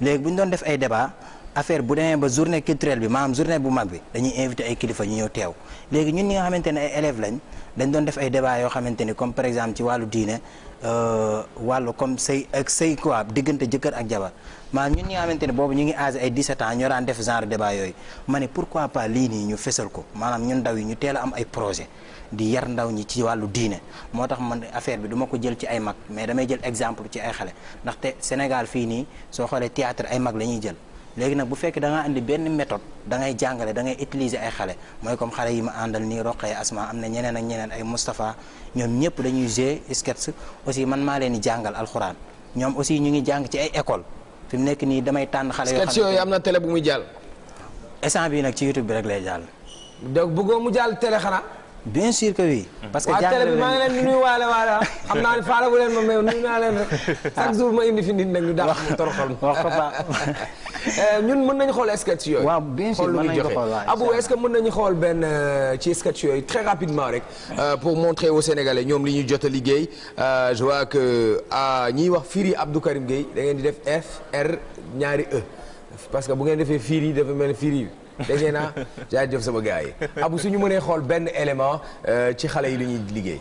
léegi bu ñu doon def ay débat affaire bu demee ba journée culturelle bi maanaam journée bu mag bi dañuy invité ay kilifa ñu ñëw teew léegi ñun ñi nga xamante ne ay élèves lañ dañ doon def ay débat yoo xamante ni comme par exemple ci wàllu diine euh, wàllu comme sëy ak sëy quoi diggante jëkkër ak jabar maanaam ñun ñu nga xamante ne boobu ñu ngi âgé ay di ans ñoo daan def genre débat yooyu ma ne pourquoi pas lii nii ñu fesal ko maanaam ñu ndaw yi ñu teel am ay projet di yar ndaw ñi ci wàllu diine moo tax man affaire bi duma ko jël ci ay mag mais damay jël exemple ci ay xale ndaxte Sénégal fii nii soo xoolee théâtre ay mag la ñuy jël léegi nag bu fekkee da nga andi benn méthode da ngay jàngale da ngay utiliser ay xale mooy comme xale yi ma àndal nii roqee asma am na ñeneen ak ñeneen ay Moustapha ñoom ñëpp dañuy jouer sketch aussi man maa leen di jàngal alxuraan ñoom aussi ñu ngi jàng ci ay école fi nekk nii damay tànn xale yoo xam ne sketch yooyu am na télé bu muy ci YouTube bi rek lay jàll donc bëggoo mu jàll télé xanaa
bi maa ngi leen di nuyu waale waale ah xam naa ne faale bu leen ma mais nuyu naa leen rek chaque jour ma indi fi nit nag ñu dàq mu toroxal wax Euh, ñun mën nañu xool sketch yooyu. waaw bien sûr xool waaw Abou est-ce que mën nañu xool benn euh, ci sketch yooyu très rapidement rek. Euh, pour montrer aux Sénégalais ñoom li ñu jot liggéey je vois que ñiy wax Firi Abdou Karim Gueye da ngeen di def F R ñaari E parce que bu ngeen defee Firi dafa mel ni Firi. dégg naa ah? jaajëf sama gars yi Abou suñu mënee xool benn élément ci xale yi li ñuy liggéey.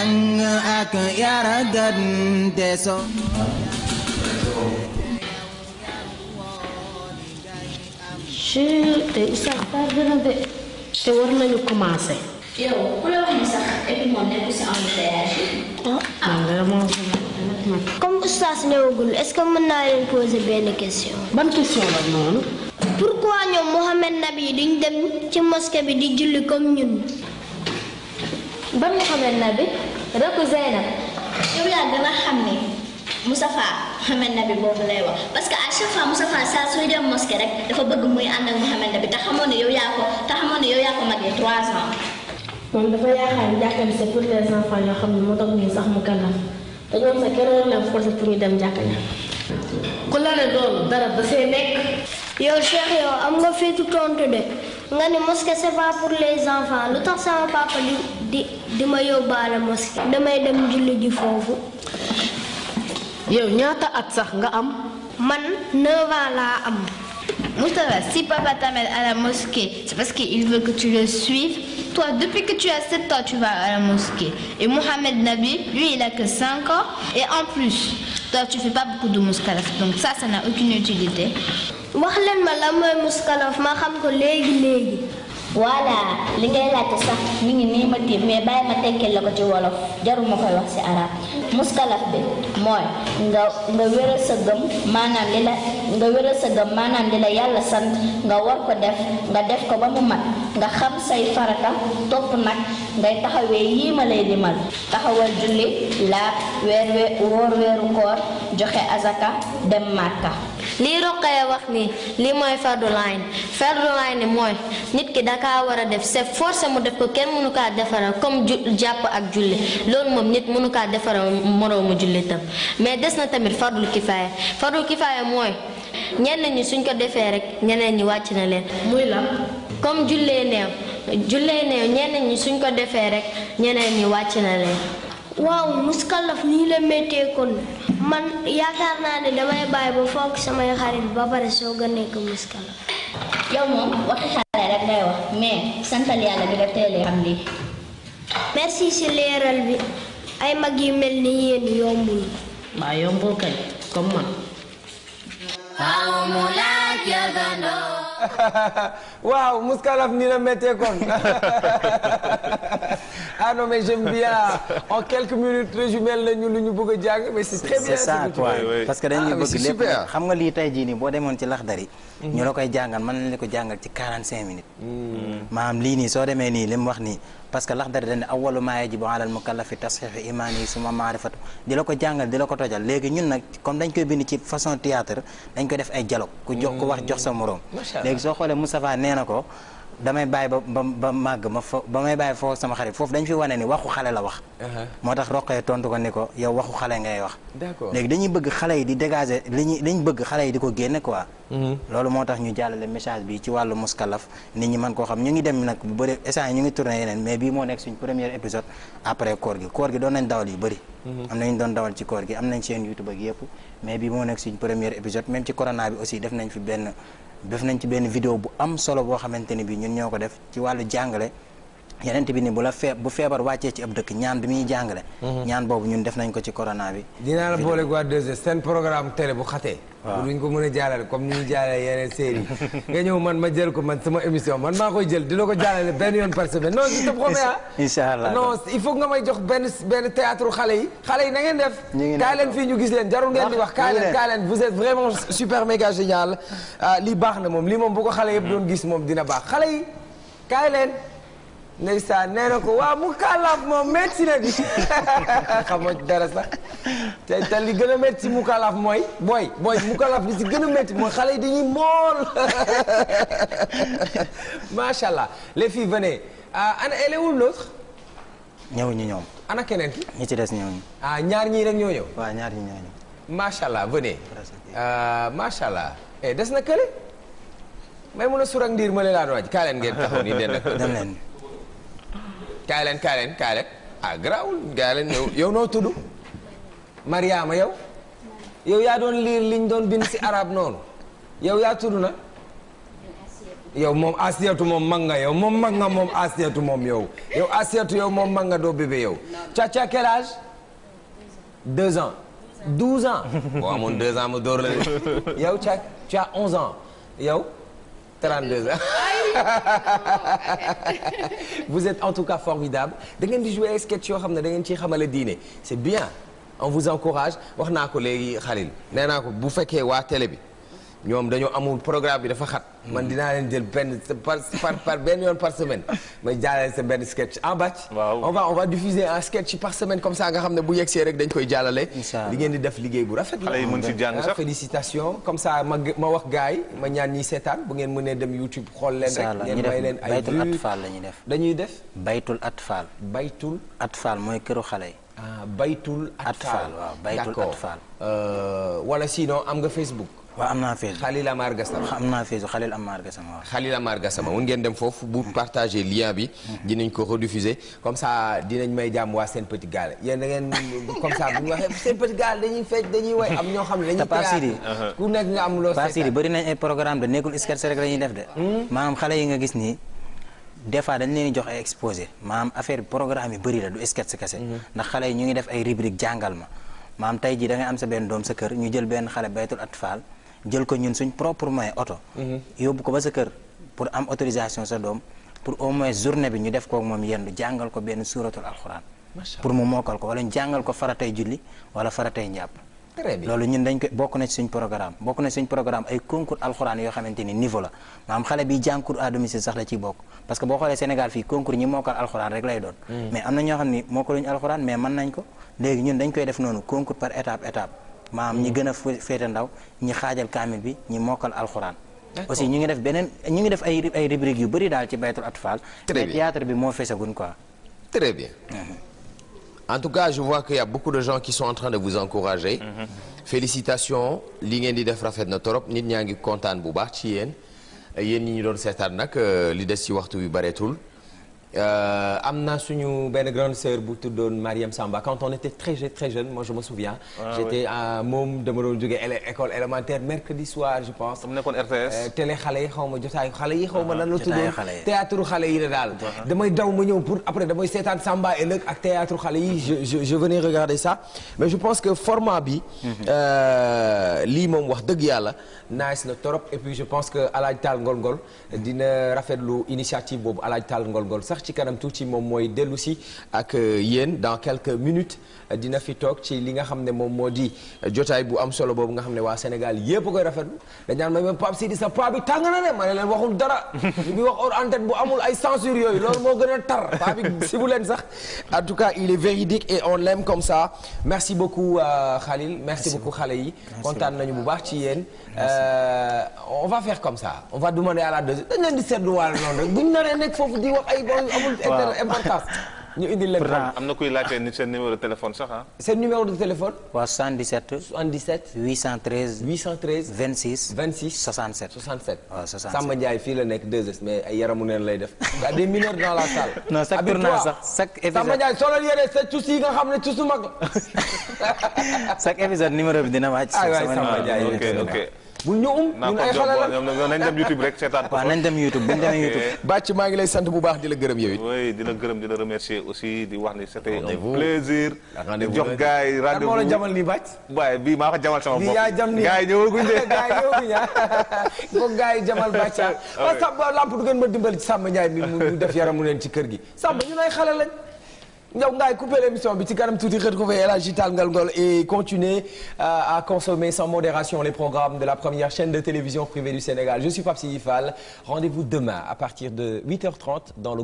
jàng ak te war nañu commencé. yow ku la wax ni sax épi moom nekkul si embouteillage yi. comme oustaz ñëwagul est-ce que mën naa leen poser benn question. ban question la noonu. pourquoi ñoom Mohamed Nabi duñ dem ci mosquée bi di julli comme ñun. bam ñu xamee nabi rakku Zeynab yow yaa gën a xam ni Moustapha Mouhamed Nabi boobu wax parce que à chaque fois Moustapha saa suy dem mosquée rek dafa bëgg muy ànd ak Mouhamed Nabi ne yow yaa ko te xamoon ne yow yaa ko mag yi trois ans.
moom dafa yaakaar ni jàkka bi c'est pour les enfants yoo xam ne moo tax ñu sax mu kàllaam te
ñoom sax kenn waroon na forcé dem jàkka ja. ku loolu dara da see yow Cheikh yow am nga feetu tontu de nga ne mosquée c'est pour les enfants lu tax sama papa di di di ma yóbbaale mosquée damay dem julli ji foofu. yow ñaata at sax nga am. man 9 ans laa am. Moustapha, si papa t'amène à la mosquée, c'est parce veut que tu le Toi, depuis que tu as 7 ans, tu vas à Et Mohamed Nabi, lui, il a ans. Et en plus, toi, tu fais pas beaucoup de Donc ça, ça n'a aucune utilité. wax ma lan mooy muskalof ma xam ko léegi léegi. voilà li ngay laajte sax mi ngi nii ma tiim mais bàyyi ma tekkil la ko ci wolof jaruma koy wax ci arab muskalaf bi mooy nga nga wéral sa gëm maanaam li la maanaam li la yàlla sant nga war ko def nga def ko ba mu mat nga xam say farata topp nag ngay taxawee yii ma lay limal taxawal julli la weer we wóor weeru koor joxe azaka dem màkka lii roqee wax nii lii mooy fardu ayn fardu ayn mooy nit ki dakaa war a def sef forcé mu def ko kenn mënu kaa defaral comme jàpp ak julli loolu moom nit mënu kaa defaral moroomu jullitam mais des na tamit fardul kifaaya fardul kifaaya mooy ñenn ñi suñ ko defee rek ñeneen ñi wàcc na leen muy la comme jullee neew jullee neew ñenn ñi suñ ko defee rek ñeneen ñi wàcc na leen waaw muskalaf nii la méttee kon man yaakaar naa ne damay bàyyi ba foog samay xarit ba pare soog a nekk muskalaf. yow moom waxi xale rek ngay wax mais santal yàlla bi nga xam lii. merci si leeral bi ay mag yu mel ni yéen yombul.
mbaa yombul kay comme man. waaw Mouskalaf ni la méttee kon ah non mais j'aime bien en quelques minutes résumé nañu lu ñu bëgg a jàng mais c'est
très bien. c'est ça quoi parce que dañuy ah, bëgg lépp
xam nga lii tey jii nii boo demoon ci Laxdari. Mhm. ñu la koy jàngal mën nañu la ko jàngal ci 45 minutes. maanaam mhm. lii nii soo demee nii li mu wax nii. parce que Laxdari dañ ne awwalu maa yajibu ala al mukallafi tasxiixu imaani suma maarifatu di la ko jàngal di la ko tojal léegi ñun nag comme dañ koy bind ci façon théâtre dañ koy def ay dialogue ku jox ku wax jox sa morom léegi soo xoolee Moustapha nee na ko damay bàyyi ba ba màgg ma fo ba may bàyyi foofu dañ fi wane ni waxu xale la wax. Uh-huh. moo tax roqee tontu ko ni ko yow waxu xale ngay wax. léegi dañuy bëgg xale yi di dégager li ñu li ñu bëgg xale yi di ko génne quoi. Mm-hmm. loolu moo tax ñu jàllale message bi ci wàllu muskalaf nit ñi mën koo xam ñu ngi dem nag bu bëri essence ñu ngi tourné yeneen mais bii moo nekk suñ premier épisode après koor gi koor gi doon nañ dawal yu bëri. Mm-hmm. am nañ doon dawal ci koor gi am def nañ ci benn vidéo bu am solo boo xamante ni bii ñun ñoo ko def ci wàllu jàngale yenent bi ni bu la fee bu feebar wàccee ci ab dëkk ñaan bi muy jàngale. Mhm. ñaan boobu ñun def nañ ko ci corona bi.
dinaa la boole waa 2S seen programme télé bu xatee. waaw duñ ko mën a jaalale comme ni ñu jaalalee yeneen série nga ñëw man ma jël ko man sama émission man maa koy jël di ko jaalale benn yoon par semaine non si tëb xobee allah non il faut nga may jox benn benn théâtre xale yi. xale yi na ngeen def. ñu ngi kaa leen fii ñu gis leen jarul ngeen di wax. kaa leen vous êtes ah, baax na moom lii moom bu ko xale yëpp gis moom dina baax xale yi ndeysaan nee na ko waaw mu moom métti na di xamoo ci dara sax te te li gën a métti mooy booy booy mu kàllaaf li si gën a métti mooy xale yi dañuy mool macha allah les filles venez ah, ana elle est où l'autre ñoom. ana keneen ki. ñi ci des ñëwuñu. ah ñaar ñii rek ñoo ñëw. ñaar ñii ñoo ñëw. macha allah venez. Ah, macha eh, des na kële. may mun a sur ak ndiir ma leen laa doon waaj kaa leen ngeen taxaw nii den ak. dem kaay leen kaay leen kaay leen ah garaawul kaay leen yow yow noo tudd Mariama yow yow yaa doon liir liñ doon bind si arab noonu yow yaa tudd na yow moom asiyatu moom mag nga yow moom mag nga moom asiyatu moom yow yow asiyatu yow moom mag nga doo bébé yow caca quel âge deux ans douze ans boo deux ans mu dóor la yow ca tu as onze ans yow 32 ans vous êtes en tout cas formidable da ngeen di jouer ay sketch yoo xam ne da ngeen ciy xamale diine c'est bien on vous encourage wax naa ko léegi Khalil nee naa ko bu fekkee waa télé bi. ñoom dañoo amul programme bi dafa xat. man hmm. dinaa leen jël benn par par par benn yoon par semaine. may jàllale sa benn sketch en batch. waaw on va on diffuser un sketch par semaine comme ça nga xam ne bu yegsee rek dañ koy jàllale. li ngeen di def liggéey bu rafet la. xale yi mën si jàng ah, sax félicitations ma ma wax gars yi ma ñaan ñi seetaan bu ngeen mënee dem YouTube xool leen rek. ngeen may leen ay baytul atfaal la ñuy def. dañuy def
baytul atfaal. baytul atfaal mooy këru xale yi.
ah baytul atfaal waaw baytul
atfaal d'accord euh,
wala sinon am nga Facebook. waaw am naa fees Khalil Amar Gassama am naa fees Khalil Amar hmm. comme ça dinañ may jàmm waa seen petit gaal yéen da ngeen comme ñu waxee seen petit gaal am ñoo xam ne dañuy pasiri ku nekk nga am loo pasiri bëri nañ ay programme de
nekkul sketch rek la def de maanaam hmm? xale yi nga gis nii des fois dañ leen jox ay exposé maanaam affaire programme yi bëri la du sketch kese hmm. ndax xale yi ñu ngi def ay rubrique jàngal ma maanaam tey ji da am sa benn doom sa kër ñu jël benn xale baytul atfal jël ko ñun suñ propre moyen oto. Mhm. yóbbu ko ba sa kër pour am autorisation sa doom pour au moins journée bi ñu def kook moom yendu jàngal ko benn suuratul alxuraan. pour mu mokkal ko wala ñu jàngal ko faratay julli wala faratay njàpp. loolu ñun dañ ko bokk na ci suñ programme bokk na ci suñ programme ay concours alxuraan yoo xamante ni niveau la maanaam xale bi jàncours à domicile sax la ciy bokk parce que boo xoolee Sénégal fii concours ñi mokkal alxuraan rek lay doon mhm. mais am na ñoo xam ni mokkaluñu alxuraan ñun dañ koy def noonu concours par étape étape maanaam ñi gën a féete ndaw ñi xaajal kaamil bi ñi mokkal alxuraan aussi ñu ngi def beneen ñu ngi def ay ay rubrique yu bëri daal ci baytul atfal mais théâtre bi moo feesagun quoi
très bien mhm. en tout cas je vois qu'il y beaucoup de gens qui sont en train de vous encourager mm li ngeen di def rafet na torop nit ñaa ngi kontaan bu baax ci yéen yéen ñi ñu doon seetaan nag euh, li des ci waxtu bi bareetul Euh, am na suñu benn grande sœur bu tuddoon Mariam Samba quand on était très très jeune moi je me souviens. waaw ah j'étais moom dama doon jógee école élémentaire mercredi soir je pense. mu nekkoon RTS. Euh, xale yi xaw ma jotaayu xale yi xaw ma ah, xale yi tuddoon théâtre xale yi la daal. Ah. damay daw ma ñëw pour après damay seetaan Samba ëllëg ak théâtre xale yi je je je venais regarder ça mais je pense que format bi. Mhm. Euh, lii moom wax dëgg yàlla nice na trop et puis je pense que Alaaji Taal Ngol Ngol dina rafetlu initiative boobu Alaaji Taal Ngol sax. ci kanam tuuti moom mooy dellu si ak euh, yéen dans quelques minutes dina fi toog ci li nga xam ne moom moo di jotaay bu am solo boobu nga xam ne waa Sénégal yépp koy rafetlu dañaan ma même Pape Sidi sa paa bi tàng na ne ma leen waxul dara li muy wax hors antenne bu amul ay censure yooyu loolu moo gën a tar paa bi si leen sax en tout cas il est véridique et on l'aime comme ça merci beaucoup euh, Khalil merci beaucoup xale yi kontaan nañu bu baax ci yéen euh, on va faire comme ça on va demander à la deuxième dañ leen di seetlu waale ñu indil
leen pourtant am na kuy laajte ni seen numéro de téléphone sax ah.
seen numéro de téléphone. waaw 77. 77. 813. 813. 26. 26 67. 67 waaw 67. Samba Ndiaye fii la nekk 2S mais ay yaramu neen lay def. y a des mineurs dans la salle. non chaque tournage sax chaque épisode Samba sa cuus yi nga xam ne cuusu mag chaque épisode numéro bi dina wàcc. ah waay Samba bul ñu um ñun ay xale la
nañ dem YouTube rek dem YouTube buñ eh. ngi lay sant bu baax di la gërëm yow it oui di la gërëm aussi di wax ni c'était un plaisir ah, di jox eh. la jamal nii bàcc waaye bii maa ko jamal sama bopp yaa jam nii gars yi
ñëwaguñ yi ñëwaguñ ko ah. gars yi jamal bàcc ah. parce que lamp du ngeen ma dimbali ci Samba mu leen ci kër gi Samba ay xale Ndiaw Ngaye couper l'émission bi ci kanam tuuti retrouver El Hadji Tall Ngol euh, à consommer modération les programmes de la première chaîne de télévision privée du Sénégal à partir de 8h30 dans le